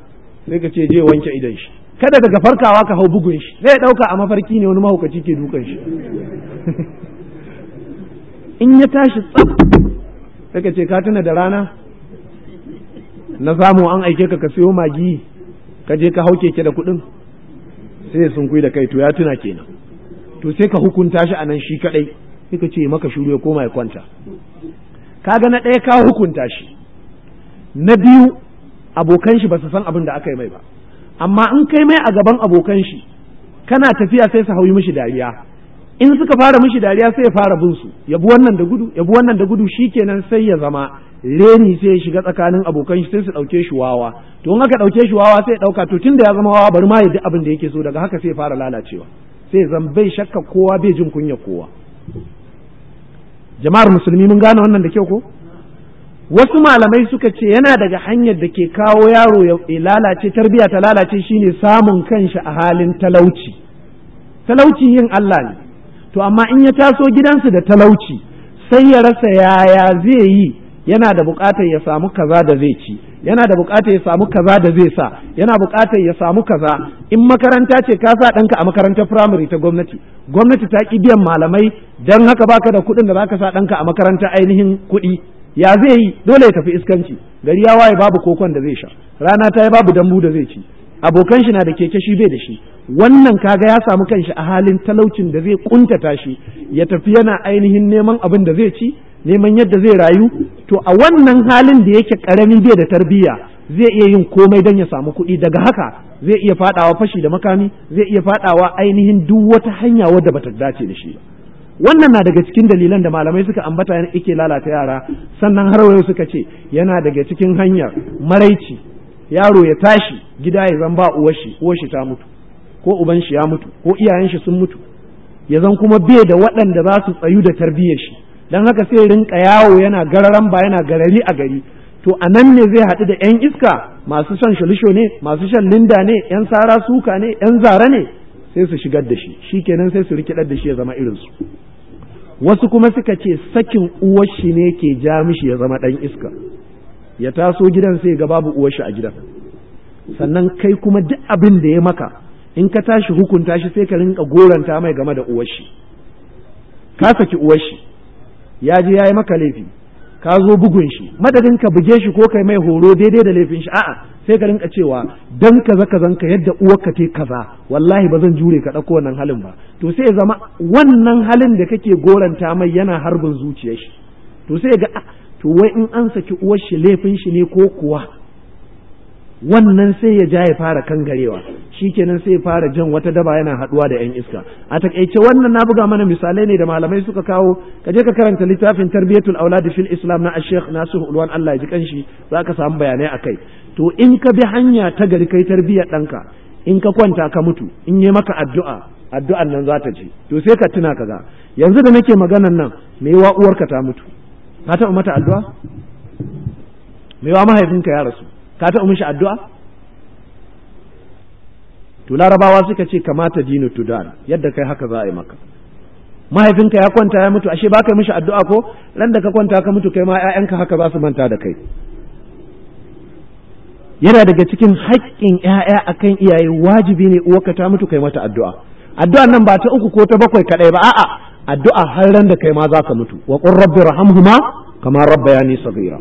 sai ka ce je wanke idan shi kada daga farkawa ka hau bugun shi zai dauka a mafarki ne wani mahaukaci ke dukan shi in ya tashi tsaf sai ka ce ka tuna da rana na samu an aike ka ka siyo magi ka je ka hau keke da kuɗin sai sun da kai to ya tuna kenan to sai ka hukunta shi anan shi kaɗai, sai ka ce maka shuru ya koma ya kwanta kaga na ɗaya ka hukunta shi na biyu abokan shi ba su san abin da aka yi mai ba amma in kai mai a gaban abokan shi kana tafiya sai su hauyi mishi dariya in suka fara mishi dariya sai ya fara bin su ya bi wannan da gudu ya bi wannan da gudu shikenan sai ya zama reni sai ya shiga tsakanin abokan shi sai su dauke shi wawa to in aka dauke shi wawa sai ya dauka to tunda ya zama wawa bari ma ya duk abin da yake so daga haka sai ya fara lalacewa sai zan bai shakka kowa bai jin kunya kowa jama'ar musulmi mun gane wannan da kyau ko wasu malamai suka ce yana daga hanyar da ke kawo yaro ya lalace tarbiyya ta lalace shine samun kanshi a halin talauci talauci yin Allah ne to amma in ya taso gidansu da talauci sai ya rasa yaya zai yi yana da bukatar ya samu kaza da zai ci yana da bukatar ya samu kaza da zai sa yana bukatar ya samu kaza in makaranta ce ka sa ɗanka a makarantar firamare ta gwamnati gwamnati ta ki biyan malamai don haka baka da kuɗin da zaka sa ɗanka a makaranta ainihin kuɗi ya zai yi dole ya tafi iskanci gari ya waye babu kokon da zai sha rana ta yi babu dambu da zai ci abokan shi na da keke shi bai da shi wannan kaga ya samu kanshi a halin talaucin da zai kuntata shi ya tafi yana ainihin neman abin da zai ci neman yadda zai rayu to a wannan halin da yake karami bai da tarbiyya zai iya yin komai don ya samu kuɗi daga haka zai iya faɗawa fashi da makami zai iya faɗawa ainihin duk wata hanya wadda bata dace da shi wannan na daga cikin dalilan da malamai suka ambata yana ike lalata yara sannan har wayo suka ce yana daga cikin hanyar maraici yaro ya tashi gida ya zan ba uwashi uwashi ta mutu ko uban shi ya mutu ko iyayen shi sun mutu ya zan kuma bai da waɗanda za su tsayu da tarbiyyar shi don haka sai rinka yawo yana gararan ba yana garari a gari to a nan ne zai haɗu da 'yan iska masu shan shulisho ne masu shan linda ne 'yan sara suka ne 'yan zara ne sai su shigar da shi shi kenan sai su rikidar da shi ya zama irinsu wasu kuma suka ce sakin uwar shi ne ke ja mishi ya zama ɗan iska ya taso gidan sai ga babu uwar shi a gidan sannan kai kuma duk abin da ya maka in ka tashi hukunta shi sai ka rinka goranta mai game da uwar shi ka saki uwar shi ya je ya yi maka laifi ka zo bugun shi madadin ka buge shi ko kai mai horo daidai da laifin shi a'a sai ka rinka cewa dan kaza kazan ka yadda uwarka te kaza wallahi ba zan jure ka dauko wannan halin ba to sai ya zama wannan halin da kake goranta mai yana harbin zuciyar shi to sai ga ah, to wai in an saki uwar shi laifin shi ne ko kuwa wannan sai ya ja ya fara kangarewa kenan sai fara jan wata daba yana haduwa da yan iska a takaice wannan na buga mana misalai ne da malamai suka kawo ka je ka karanta littafin tarbiyatul aulad fil islam na ash-shaykh nasihu ulwan Allah ya ji kanshi zaka samu bayanai akai to in ka bi hanya ta gari kai tarbiyyar danka in ka kwanta ka mutu in yi maka addu'a addu'an nan za ta ji to sai ka tuna kaza yanzu da nake maganan nan me wa uwarka ta mutu ka taɓa mata addu'a me wa mahaifinka ya rasu ka taɓa mishi addu'a to larabawa suka ce kamata dinu tudan yadda kai haka za a yi maka mahaifinka ya kwanta ya mutu ashe ba ka mishi addu'a ko ran da ka kwanta ka mutu kai ma ‘ya'yanka haka za su manta da kai yana daga cikin haƙƙin ‘ya'ya akan iyaye wajibi ne uwarka ta mutu kai mata addu'a addu'a nan ba ta uku ko ta bakwai kaɗai ba a'a addu'a har ran da kai ma za ka mutu wa qur rabbi rahamhuma kama rabbayani saghira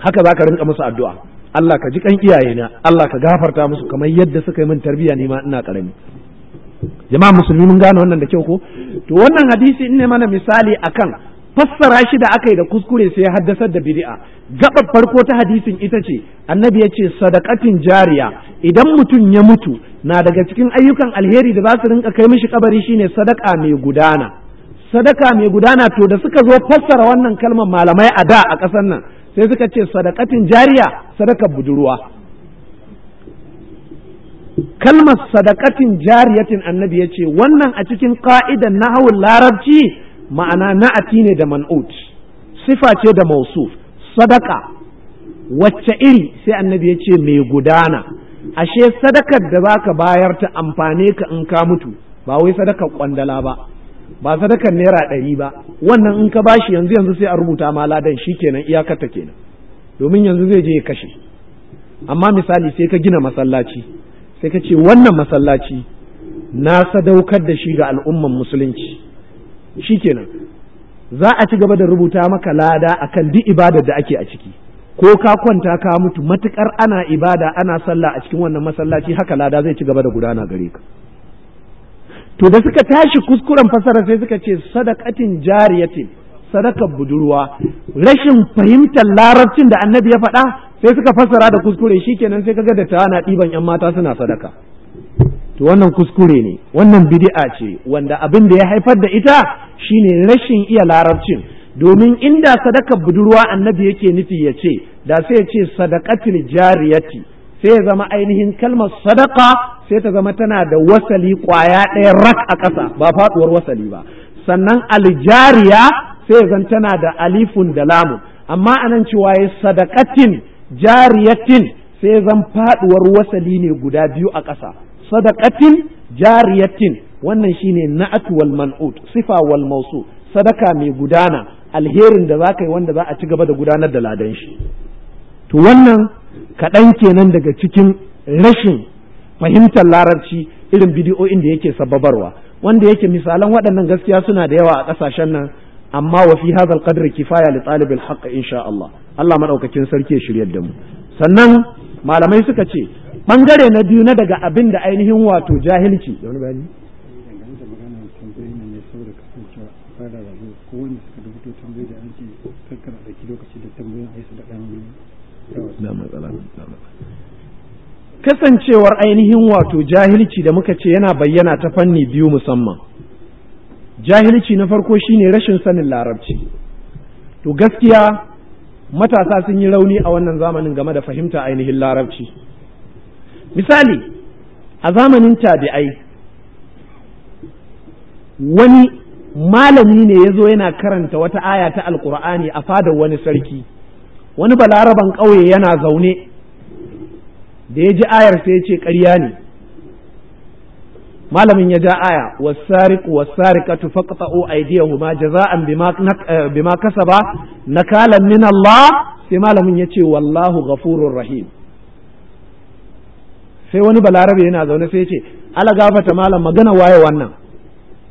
haka za ka rinka musu addu'a Allah ka ji kan iyayena Allah ka gafarta musu kamar yadda suka yi min tarbiyya ne ma ina karami jama'a musulmi mun gane wannan da kyau ko to wannan hadisi ne mana misali akan fassara shi da aka yi da kuskure sai ya haddasar da bid'a gaba farko ta hadisin ita ce annabi ya ce sadaqatin jariya idan mutum ya mutu na daga cikin ayyukan alheri da za su rinka kai mishi kabari shine sadaka mai gudana sadaka mai gudana to da suka zo fassara wannan kalmar malamai a da a ƙasar nan sai suka ce sadakatin jariya sadakar budurwa kalmar sadakatin jariyatin annabi ya ce wannan a cikin ka'idan nahawun larabci ma'ana na'ati ne da man'ut sifa ce da mausu sadaka wacce iri sai annabi ya ce mai gudana ashe sadakar da za ka bayar ta amfane ka in ka mutu ba wai sadakar kwandala ba ba sadakan naira ɗari ba wannan in ka bashi yanzu yanzu sai a rubuta ma ladan shi kenan iyakar ta kenan domin yanzu zai je ya kashe amma misali sai ka gina masallaci sai ka ce wannan masallaci na sadaukar da shi ga al'umman musulunci shi kenan za a ci gaba da rubuta maka lada akan duk ibadar da ake a ciki ko ka kwanta ka mutu matukar ana ibada ana sallah a cikin wannan masallaci haka lada zai ci gaba da gudana gare ka to da suka tashi kuskuren fasara sai suka ce sadakatin jariyatin sadakar budurwa rashin fahimtar larabcin da annabi ya faɗa sai suka fasara da kuskure shikenan sai kaga da ta na ɗiban yan mata suna sadaka to wannan kuskure ne wannan bid'a ce wanda abin da ya haifar da ita shine rashin iya larabcin domin inda sadakar budurwa annabi yake nufi ya ce da sai ya ce sadakatin jariyati sai ya zama ainihin kalmar sadaka sai ta zama tana da wasali kwaya ɗaya rak a ƙasa ba faɗuwar wasali ba sannan aljariya sai ya zan tana da alifun da lamu amma anan cewa ya sadakatin jariyatin sai zan faɗuwar wasali ne guda biyu a ƙasa sadakatin jariyatin wannan shine ne wal man'ut sifa wal mausu sadaka mai gudana alherin da za ka yi wanda za a ci gaba da gudanar da ladan shi to wannan kaɗan kenan daga cikin rashin fahimtar larabci irin bidiyoyin da yake sababarwa wanda yake misalan waɗannan gaskiya suna da yawa a ƙasashen nan amma wa fi hadha al kifaya li talib al insha Allah Allah madaukakin sarki ya shiryar da mu sannan malamai suka ce ɓangare na biyu na daga abin da ainihin wato jahilci da kasancewar ainihin wato jahilci da muka ce yana bayyana ta fanni biyu musamman jahilci na farko shine rashin sanin larabci to gaskiya matasa sun yi rauni a wannan zamanin game da fahimta ainihin larabci misali a zamanin tabi'ai wani malami ne ya zo yana karanta wata aya ta alkur'ani a fadar wani sarki wani balaraban ƙauye yana zaune da ya ji ayar sai ya ce ƙarya ne malamin ya ja aya wasariq wasariqatu faqta'u aydiyahuma jaza'an bima eh, bima kasaba nakalan min Allah sai malamin ya ce wallahu ghafurur rahim sai wani balarabe yana zaune sai ya ce ala gafata malam magana waye wannan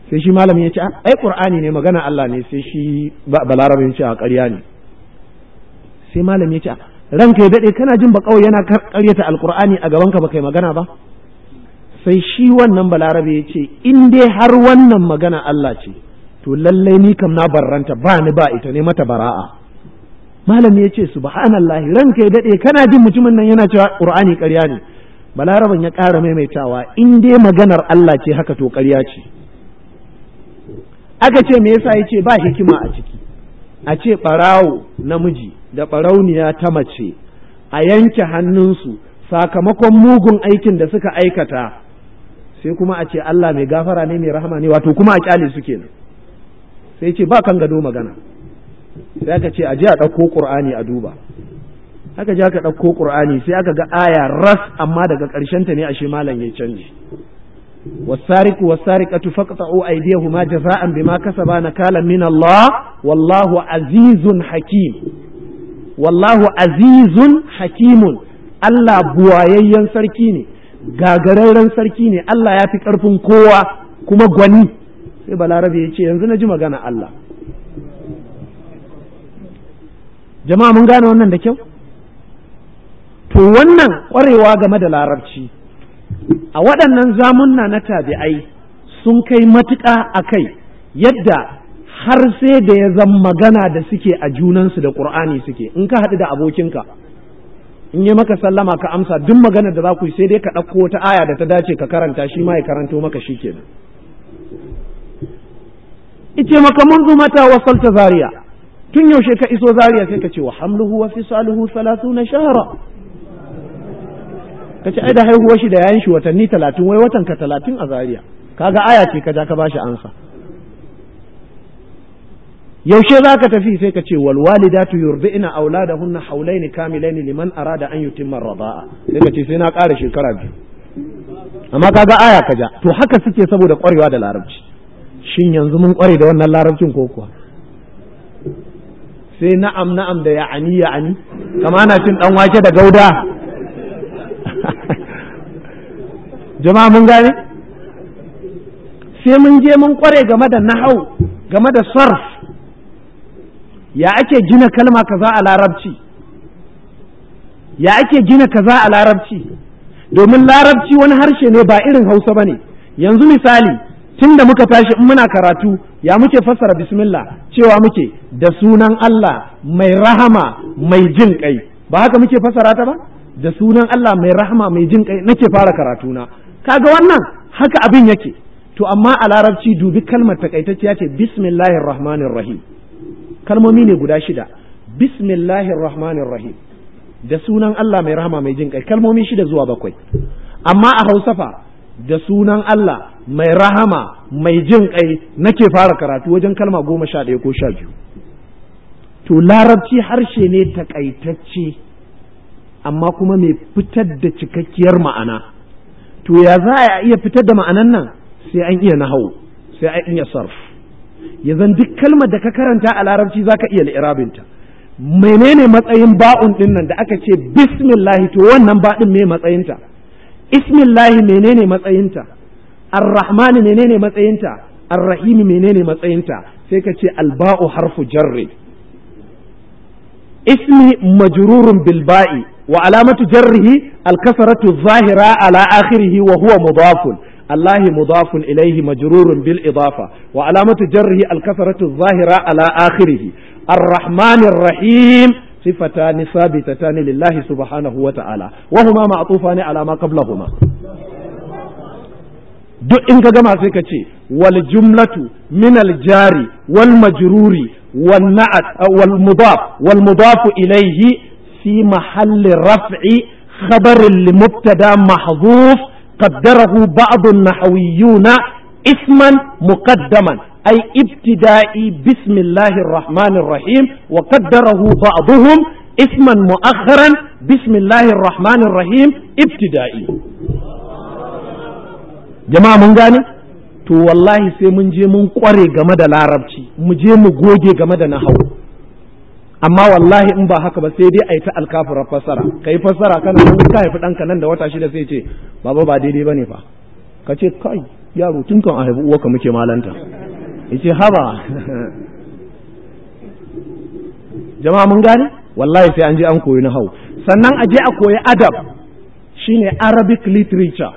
sai shi malamin ya ce ah, ai qur'ani ne magana Allah ne sai shi balarabe ya ce a ah, ƙarya ne sai malamin ya ce ah, ranka ya daɗe kana jin ba kawai yana karyata alkur'ani a gaban ka ba kai magana ba sai shi wannan balarabe ya ce in dai har wannan magana Allah ce to lallai ni kam na barranta ba ni ba ita ne mata bara'a malami ya ce subhanallah ranka ya daɗe kana jin mutumin nan yana cewa qur'ani karya ne balaraban ya ƙara maimaitawa in dai maganar Allah ce haka to karya ce aka ce me yasa ya ce ba hikima a ciki a ce ɓarawo namiji da ɓarauniya ta mace a yanke hannunsu sakamakon mugun aikin da suka aikata sai kuma a ce Allah mai gafara ne mai rahama ne wato kuma a kyale suke kenan sai ce ba kan gado magana sai aka ce a je a ɗauko ƙur'ani a duba aka je aka ɗauko ƙur'ani sai aka ga aya ras amma daga ƙarshen ta ne ashe malam ya canji wasariku والسارقة فاقطعوا أيديهما jaza'an bima kasaba نكالا min Allah? Wallahu a'zizun hakim wallahu azizun hakimun Allah buwayayyen sarki ne gagararren sarki ne Allah ya fi ƙarfin kowa kuma gwani sai balarabe ya ce yanzu na ji magana Allah jama'a mun gane wannan da kyau to wannan ƙwarewa game da larabci a waɗannan zamunna na tabi'ai sun kai matuƙa a kai yadda har sai da ya zan magana da suke a junansu da ƙur'ani suke in ka haɗu da abokinka in yi maka sallama ka amsa duk maganar da za ku yi sai dai ka ɗauko wata aya da ta dace ka karanta shi ma ya karanto maka shi kenan ice maka munzu mata wasalta zaria tun yaushe ka iso Zariya sai ka ce wa hamluhu wa fisaluhu na shahara ka ce ai da haihuwar shi da yayin shi watanni talatin wai watan ka talatin a Zariya kaga aya ce ka ja ka bashi ansa yaushe za ka tafi sai ka ce wal walidatu yurdi'na auladahunna hawlaini kamilaini liman arada an yutimma radaa sai ka ce sai na ƙara shekara biyu amma kaga aya kaja to haka suke saboda ƙwarewa da larabci shin yanzu mun ƙware da wannan larabcin ko kuwa sai na'am na'am da ya'ani ya'ani kama ana cin dan wake da gauda jama'a mun gane sai mun je mun ƙware game da nahau game da sarf ya ake gina kalma kaza a larabci ya ake gina kaza a larabci domin larabci wani harshe ne ba irin hausa ba ne yanzu misali tun da muka tashi in muna karatu ya muke fassara bismillah cewa muke da sunan Allah mai rahama mai jin kai ba haka muke fassara ta ba da sunan Allah mai rahama mai jin kai nake fara karatuna kaga wannan haka abin yake to amma a larabci dubi kalmar takaitacciya ce bismillahir rahmanir rahim kalmomi ne guda shida bismillahir rahmanir rahim da sunan Allah mai rahama mai jin kai kalmomi shida zuwa bakwai amma a Hausa fa da sunan Allah mai rahama mai jin kai nake fara karatu wajen kalma goma sha ɗaya ko sha biyu to larabci harshe ne takaitacce amma kuma mai fitar da cikakkiyar ma'ana to ya za a iya fitar da ma'anan nan sai an iya nahau sai an iya sarfu ya zan duk kalmar da ka karanta a larabci zaka iya li'irabinta menene matsayin ba'un din nan da aka ce bismillahi to wannan ba din me matsayinta ismillahi menene matsayinta arrahman menene matsayinta arrahim menene matsayinta sai ka ce alba'u harfu jarri ismi majrurun bilba'i wa alamatu jarrihi al zahira ala akhirihi wa huwa mudafun allahi mudafun ilaihi majrurun bil idafa wa alamatu jarrihi al kasratu zahira ala akhirih arrahmanir rahim صفتان ثابتتان لله سبحانه وتعالى وهما معطوفان على huma قبلهما duk in ka gama sai ka ce wal jumlatu min al jari wal majruri wal na'at wal mudaf wal mudaf ilayhi fi mahalli raf'i khabar li mubtada mahzuf qaddarahu ba'd an-nahwiyyun isman muqaddaman ai ibtida'i bismillahir rahmanir rahim wa qaddarahu ba'dhum isman mu'akhkharan bismillahir rahmanir rahim ibtida'i jama'a mun gane to wallahi sai mun je mun kware game da larabci mu je mu goge game da nahawu amma wallahi in ba haka ba sai dai a yi ta alkafurar fassara ka yi fassara kana nan ka haifi ɗanka nan da wata shida sai ce baba ba daidai ba ne fa ka ce kai yaro tun kan a haifi ka muke malanta ya ce haba jama'a mun gane wallahi sai an je an koyi na hau sannan a je a koyi adab shine arabic literature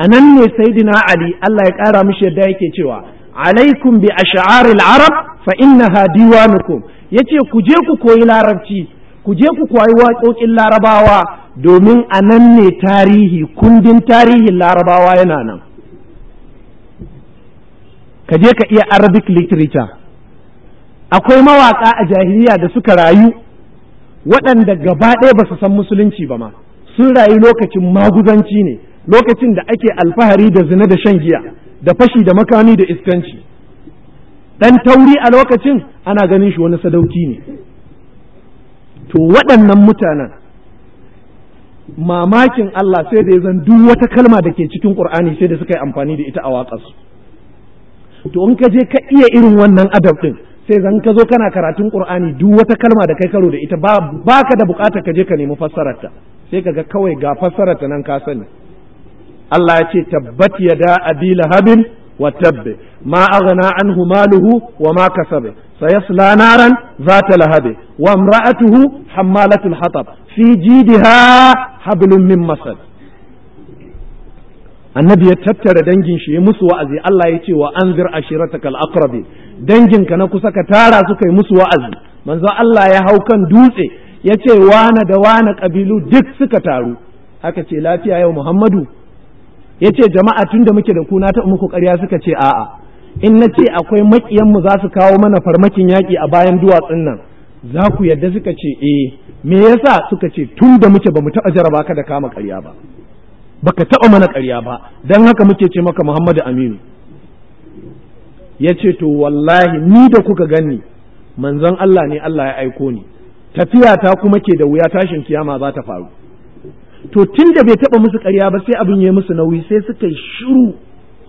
a nan ne saidina ali allah ya ƙara mishi yadda yake cewa alaikum bi ash'aril arab fa innaha diwanukum ya ce ku je ku koyi larabci ku je ku koyi waƙoƙin larabawa domin a nan ne tarihi kundin tarihin larabawa yana nan ka je ka iya arabic literature akwai mawaƙa a jahiliya da suka rayu waɗanda gaba ɗaya ba su san musulunci ba ma sun rayu lokacin maguzanci ne lokacin da ake alfahari da zina da shan giya da fashi da makami da iskanci ɗan tauri a lokacin ana ganin shi wani sadauki ne to waɗannan mutanen mamakin Allah sai da ya zan duk wata kalma da ke cikin ƙur'ani sai da suka yi amfani da ita a waƙarsu to in ka je ka iya irin wannan adab ɗin sai zan ka zo kana karatun ƙur'ani duk wata kalma da kai karo da ita ba ka da buƙatar ka je ka nemi fassararta sai ka ga kawai ga fassararta nan ka sani Allah ya ce tabbat yada abi lahabin وتب ما أغنى عنه ماله وما كسب سيصلى نارا ذات لهب وامرأته حمالة الحطب في جيدها حبل من مسد annabi ya tattara dangin shi ya musu wa'azi Allah ya ce wa anzir ashirataka al-aqrabi dangin ka na kusa ka tara su kai musu wa'azi manzo Allah ya hau kan dutse ya ce wana da wana kabilu duk suka taru haka ce lafiya yau Muhammadu yace jama'a tun da muke da ku na ta muku ƙarya suka ce a'a in na ce akwai maƙiyanmu za su kawo mana farmakin yaƙi a bayan duwatsun nan za ku yadda suka ce eh me yasa suka ce tun da muke ba mu taɓa jaraba ka da kama ƙarya ba baka taɓa mana ƙarya ba dan haka muke ce maka Muhammadu Aminu yace to wallahi ni da kuka ganni manzon Allah ne Allah ya aiko ni tafiya ta kuma ke da wuya tashin kiyama za ta faru to tun da bai taɓa musu ƙarya ba sai abin ya musu nauyi sai suka yi shiru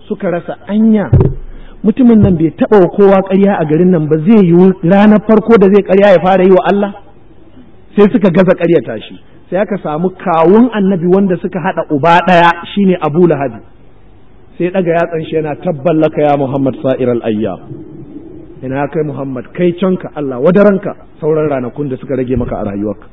suka rasa anya mutumin nan bai taɓa wa kowa ƙarya a garin nan ba zai yi ranar farko da zai ƙarya ya fara yi wa Allah sai suka gaza ta shi sai aka samu kawun annabi wanda suka haɗa uba ɗaya shine Abu Lahabi sai ɗaga yatsan shi yana tabballaka ya Muhammad sa'iral ayyam ina kai Muhammad kai canka Allah wadaranka sauran ranakun da suka rage maka a rayuwarka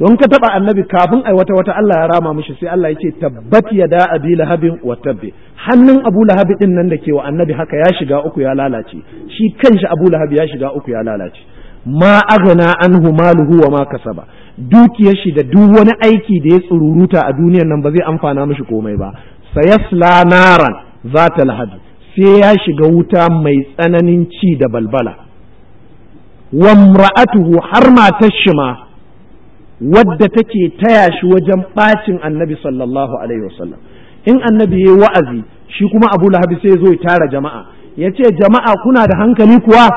to in ka taba annabi kafin ai wata wata Allah ya rama mishi sai Allah ya ce tabbat yada abi lahabin wa tabbi hannun abu lahabi din nan da ke wa annabi haka ya shiga uku ya lalace shi kanshi abu lahabi ya shiga uku ya lalace ma aghna anhu maluhu wa ma kasaba dukiyar shi da duk wani aiki da ya tsururuta a duniyar nan ba zai amfana mishi komai ba sayasla naran zata lahabi sai ya shiga wuta mai tsananin ci da balbala wa imra'atuhu har matar shi ma wadda take taya shi wajen bacin annabi sallallahu alaihi wasallam in annabi yayi wa'azi shi kuma Abu Lahab sai zo ya tara jama'a yace jama'a kuna da hankali kuwa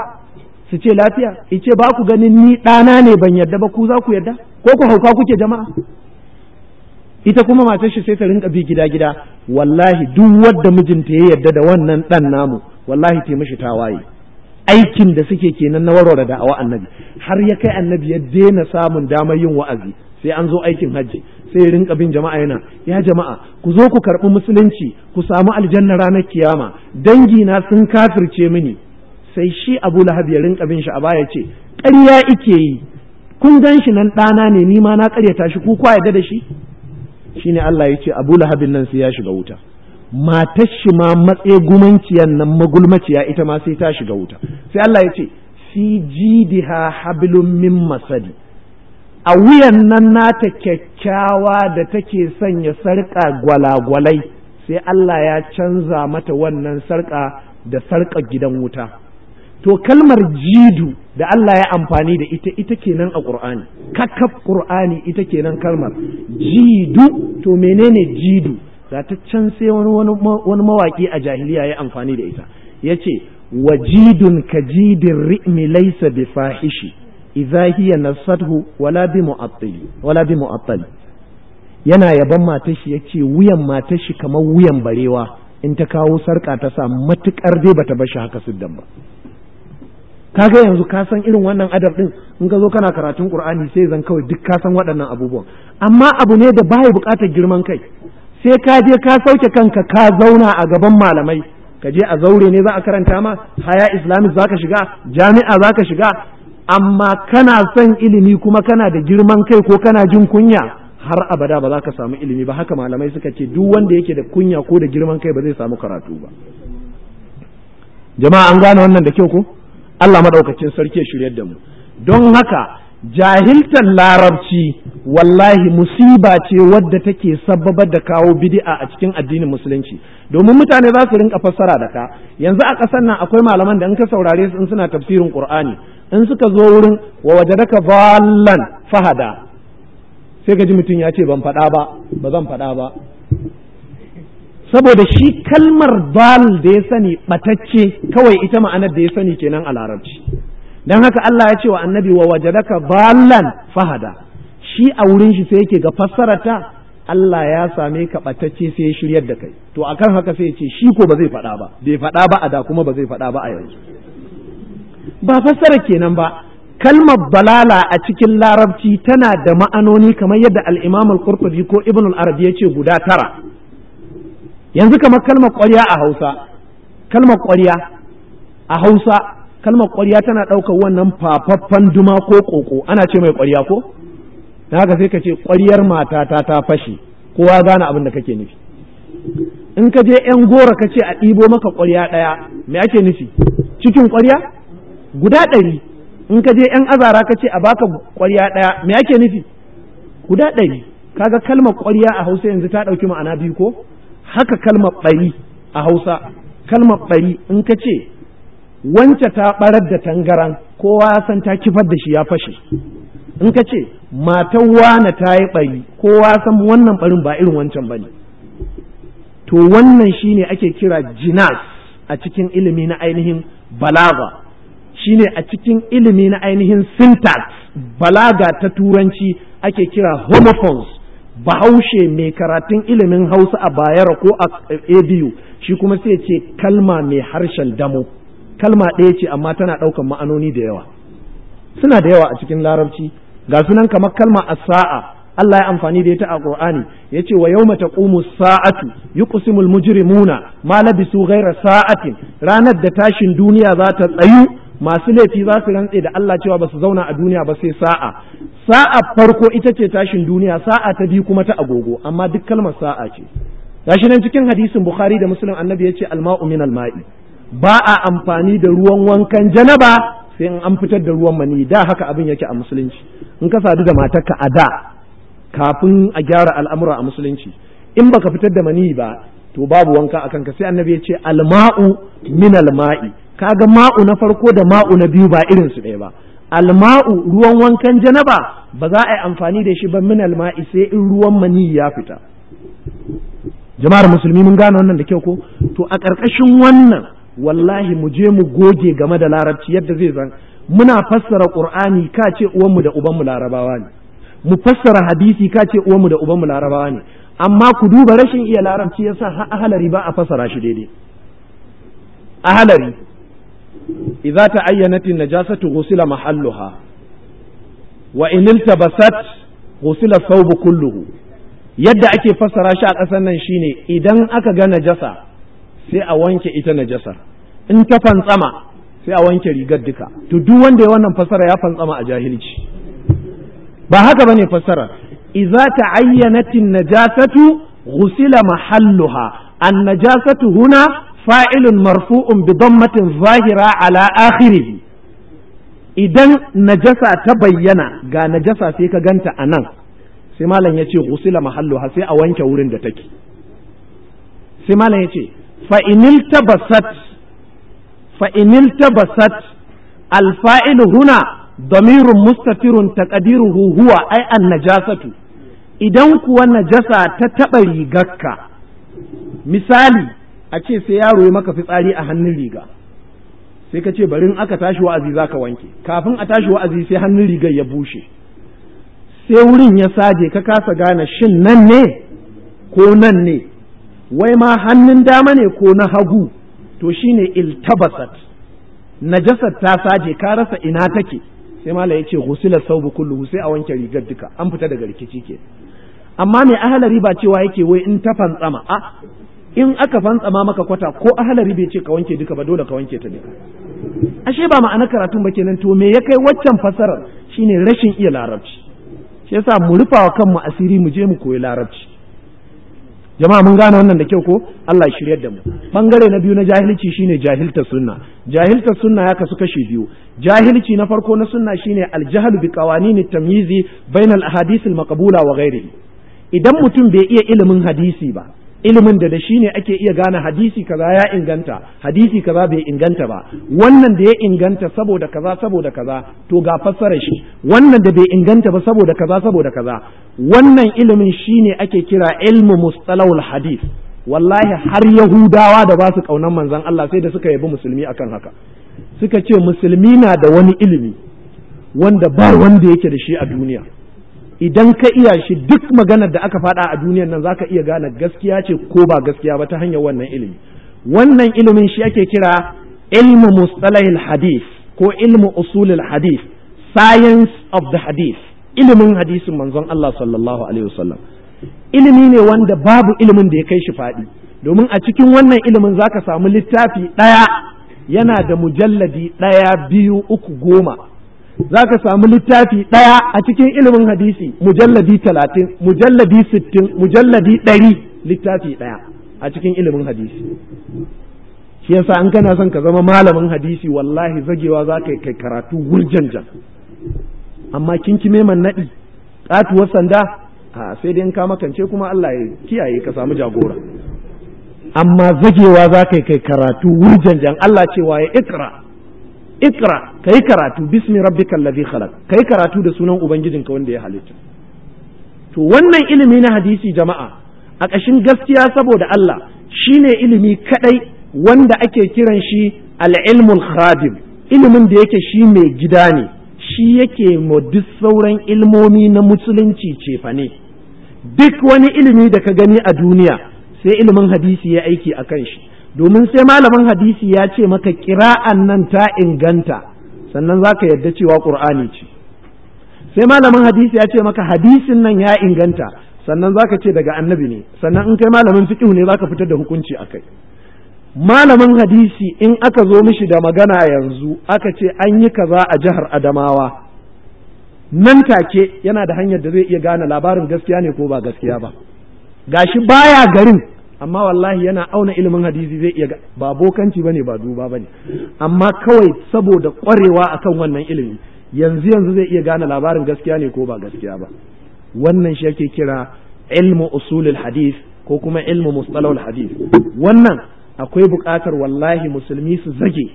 su ce lafiya yace ba ku ganin ni ɗana ne ban yadda ba ku za ku yadda ko ku hauka kuke jama'a ita kuma matar shi sai ta rinka bi gida gida wallahi duk wadda mijinta ya yadda da wannan ɗan namu wallahi ta mishi tawaye aikin da suke kenan na warware da da'awa annabi har ya kai annabi ya daina samun damar yin wa'azi sai an zo aikin hajji sai rinka bin jama'a yana ya jama'a ku zo ku karɓi musulunci ku samu aljanna ranar kiyama dangi na sun kafirce mini sai shi abu lahab ya rinka bin shi a baya ce ƙarya ike yi kun gan shi nan ɗana ne ni ma na ƙaryata shi ku kwa yadda da shi shine Allah ya ce abu lahabin nan sai ya shiga wuta matar shi ma matsayi gumanciyan nan magulmaciya ita ma sai ta shiga wuta sai Allah ya ce fi jidiha hablum min masadi a wuyan nan nata kyakkyawa da take sanya sarƙa gwalagwalai sai Allah ya canza mata wannan sarƙa da sarƙa gidan wuta to kalmar jidu da Allah ya amfani da ita ita kenan a Qur'ani kakkaf Qur'ani ita kenan kalmar jidu to menene jidu ga ta can sai wani mawaƙi a jahiliya ya amfani da ita ya ce wajidun kajidin ri'mi laisa bi fahishi idza hiya nasathu wala bi mu'attili wala yana yaban matashi. Ya ce wuyan matashi kamar wuyan barewa in ta kawo sarka ta sa matukar dai ba bar shi haka siddan ba kaga yanzu ka san irin wannan adab din in ka zo kana karatun qur'ani sai zan kawai duk ka san waɗannan abubuwan amma abu ne da baya bukatar girman kai sai ka je ka sauke kanka ka zauna a gaban malamai ka je a zaure ne za a karanta ma haya islamic za ka shiga jami'a za ka shiga amma kana son ilimi kuma kana da girman kai ko kana jin kunya har abada ba za ka samu ilimi ba haka malamai suka ce duk wanda yake da kunya ko da girman kai ba zai samu karatu ba jama'a an gane wannan da kyau ko Allah madaukakin sarki ya shiryar da mu don haka jahiltar larabci wallahi musiba ce wadda take sabbabar da kawo bid'a a cikin addinin musulunci domin mutane za su rinka fassara da ka yanzu a ƙasar nan akwai malaman da in ka saurare su in suna tafsirin qur'ani in suka zo wurin wa wajadaka dhallan fahada sai ka ji mutum ya ce ban faɗa ba ba zan faɗa ba saboda shi kalmar bal da ya sani ɓatacce kawai ita ma'anar da ya sani kenan a larabci dan haka Allah ya ce wa annabi wa wajadaka ballan fahada shi a wurin shi sai yake ga fassarata. ta Allah ya same ka batacce sai ya shiryar da kai to akan haka sai ya ce shi ko ba zai faɗa ba bai faɗa ba a da kuma ba zai faɗa ba a yanzu ba fassara kenan ba kalmar balala a cikin larabci tana da ma'anoni kamar yadda al-Imam al-Qurtubi ko Ibn al-Arabi ce guda tara yanzu kamar kalmar ƙwarya a Hausa kalmar ƙwarya a Hausa kalmar ƙwarya tana ɗaukar wannan fafaffan duma ko ƙoƙo ana ce mai ƙwarya ko na haka sai ka ce ƙwaryar matata ta fashe kowa gane abin da kake nufi in ka je yan gora ka ce a ɗibo maka ƙwarya ɗaya me ake nufi cikin ƙwarya guda ɗari in ka je yan azara ka ce a baka ƙwarya ɗaya me ake nufi guda ɗari kaga kalmar ƙwarya a hausa yanzu ta ɗauki ma'ana biyu ko haka kalmar ɓari a hausa kalmar ɓari in ka ce wance ta barar da tangaran kowa ya san ta kifar da shi ya fashe in ka ce matan wane ta yi bari kowa ya san wannan barin ba irin wancan bane to wannan shine ake kira jinas a cikin ilimi na ainihin balaga shine a cikin ilimi na ainihin syntax balaga ta turanci ake kira homophones bahaushe mai karatun ilimin hausa a bayara ko a abu shi kuma sai ce kalma mai harshen damo kalma ɗaya ce amma tana ɗaukan ma'anoni da yawa suna da yawa a cikin larabci ga sunan kamar kalma as-sa'a Allah ya amfani da ita a Qur'ani yace wa yawma taqumu sa'atu yuqsimul mujrimuna ma labisu ghayra sa'atin ranar da tashin duniya za ta tsayu masu laifi za su rantse da Allah cewa ba su zauna a duniya ba sai sa'a sa'a farko ita ce tashin duniya sa'a ta biyu kuma ta agogo amma duk kalmar sa'a ce gashi nan cikin hadisin Bukhari da Muslim annabi yace al-ma'u min al-ma'i ba a amfani da ruwan wankan janaba sai in an fitar da ruwan mani da haka abin yake a musulunci in ka sadu da matarka a da kafin a gyara al'amura a musulunci in baka fitar da mani ba to babu wanka a kanka sai annabi ya ce alma'u min alma'i kaga ma'u na farko da ma'u na biyu ba irin su ɗaya ba alma'u ruwan wankan janaba ba za a yi amfani da shi ba min alma'i sai in ruwan mani ya fita jama'ar musulmi mun gane wannan da kyau ko to a ƙarƙashin wannan wallahi mu je mu goge game da larabci yadda zai zan muna fassara qur'ani ka ce uwanmu da ubanmu larabawa ne mu fassara hadisi ka ce uwanmu da ubanmu larabawa ne amma ku duba rashin iya larabci yasa ahalari ba a fassara shi daidai ahalari idza ta'ayyanat an-najasatu ghusila mahalluha wa in iltabasat ghusila thawbu kulluhu yadda ake fassara shi a ƙasar nan shine idan aka ga najasa sai a wanke ita najasar in ta fantsama sai a wanke rigar duka to duk wanda ya wannan fassara ya fantsama a jahilci ba haka bane fassara idza ta'ayyanatin najasatu ghusila mahalluha an-najasatu huna fa'ilun marfu'un bi dammatin zahira ala akhirih idan najasa ta bayyana ga najasa sai ka ganta anan sai malam ya ce ghusila mahalluha sai a wanke wurin da take sai malam ya ce fa'inil tabasat fa'inil tabasat huna damirun mustatirun taqdiruhu huwa ai najasatu idan kuwa najasa ta taɓa rigarka misali a ce sai yaro ya maka fitsari a hannun riga sai ka ce bari in aka tashi wa'azi za ka wanke kafin a tashi wa'azi sai hannun rigar ya bushe sai wurin ya saje ka kasa gane shin nan ne ko nan ne wai ma hannun dama ne ko na hagu to shine iltabasat Najasat ta saje ka rasa ina take sai mala yace ghusila saubu kulluhu sai a wanke rigar duka an fita daga rikici ke amma mai ahalari riba cewa yake wai in ta fantsama a in aka fantsama maka kwata ko ahalari riba ce ka wanke duka ba dole ka wanke ta duka ashe ba ma'ana karatun ba kenan to me ya kai waccan fasarar shine rashin iya larabci shi yasa mu rufa wa kanmu asiri mu je mu koyi larabci jama'a mun gane wannan da kyau ko Allah ya shiryar da mu bangare na biyu na jahilci shine jahilta sunna jahilta sunna ya kasu kashi biyu jahilci na farko na sunna shine aljahlu bi qawanin tamyizi bainal ahadith al maqbula wa ghairihi idan mutum bai iya ilimin hadisi ba ilimin da da shi ne ake iya gane hadisi kaza ya inganta hadisi kaza bai inganta ba wannan da ya inganta saboda kaza saboda kaza to ga fassarar shi wannan da bai inganta ba saboda kaza saboda kaza wannan ilimin shi ne ake kira ilmu mustalahul hadis wallahi har yahudawa da ba su kaunan manzon Allah sai da suka yabi musulmi akan haka suka ce musulmi na da wani ilimi wanda ba wanda yake da shi a duniya idan ka iya shi duk maganar da aka faɗa a duniyar nan zaka iya gane gaskiya ce ko ba gaskiya ba ta hanyar wannan ilimi wannan ilimin shi ake kira ilmu mustalahil hadith ko ilmu usulil hadith science of the hadith ilimin hadisin manzon Allah sallallahu alaihi wasallam ilimi ne wanda babu ilimin da ya kai shi faɗi domin a cikin wannan ilimin zaka samu littafi ɗaya yana da mujalladi ɗaya biyu uku goma za ka samu littafi ɗaya a cikin ilimin hadisi mujalladi talatin mujalladi sittin mujalladi ɗari littafi ɗaya a cikin ilimin hadisi shi yasa an kana son ka zama malamin hadisi wallahi zagewa za ka kai karatu jan amma kin kime man naɗi ƙatuwar sanda a sai dai in ka makance kuma Allah ya kiyaye ka samu jagora amma zagewa za ka kai karatu wurjanjan Allah cewa ya ikra ikra kai karatu bismi rabbikal ladhi khalaq kai karatu da sunan ubangijinka wanda ya halitta to wannan ilimi na hadisi jama'a a ƙashin gaskiya saboda Allah shine ilimi kadai wanda ake kiran shi al-ilmul khadim ilimin da yake shi mai gida ne shi yake ma duk sauran ilmomi na musulunci cefa ne duk wani ilimi da ka gani a duniya sai ilimin hadisi ya aiki a kan shi domin sai malamin hadisi ya ce maka kira'an nan ta inganta sannan za ka yadda cewa ƙur'ani ce sai malamin hadisi ya ce maka hadisin nan ya inganta sannan za ka ce daga annabi ne sannan in kai malamin fiƙihu ne za ka fitar da hukunci a kai malamin hadisi in aka zo mishi da magana yanzu aka ce an yi kaza a jihar adamawa nan take yana da hanyar da zai iya gane labarin gaskiya ne ko ba gaskiya ba gashi baya garin amma wallahi yana auna ilimin hadisi zai iya ba bokanci bane ba duba bane amma kawai saboda kwarewa akan wannan ilimi yanzu yanzu zai iya gane labarin gaskiya ne ko ba gaskiya ba wannan shi yake kira ilmu usulul hadith ko kuma ilmu mustalahul hadith wannan akwai buƙatar wallahi musulmi su zage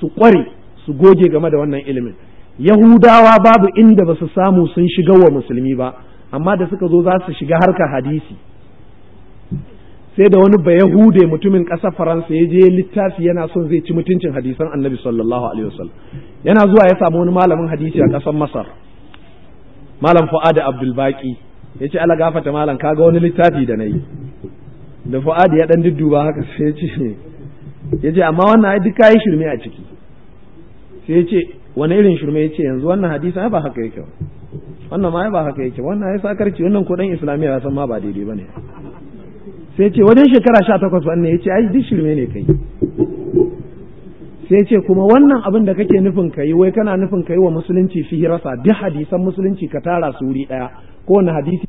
su kware su goge game da wannan ilimin yahudawa babu inda ba su samu sun shiga wa musulmi ba amma da suka zo za su shiga harkar hadisi sai da wani bayahude mutumin ƙasar faransa ya je littafi yana son zai ci mutuncin hadisan annabi sallallahu alaihi wasallam yana zuwa ya samu wani malamin hadisi a ƙasar masar malam fu'ad abdul baqi ya ce ala gafata malam kaga wani littafi da na yi da fu'ad ya dan dudduba haka sai ya ce ya ce amma wannan ai duk yi shirme a ciki sai ya ce wani irin shirme ya ce yanzu wannan hadisa ba haka yake wannan ma ba haka yake wannan ya sakarci wannan ko dan islamiya ya san ma ba daidai bane sai ce wajen shekara sha takwas wannan ya ce ai duk shirme ne kai sai ce kuma wannan abin da kake nufin kai wai kana nufin kai wa musulunci fi rasa duk hadisan musulunci ka tara su wuri ɗaya kowane hadisi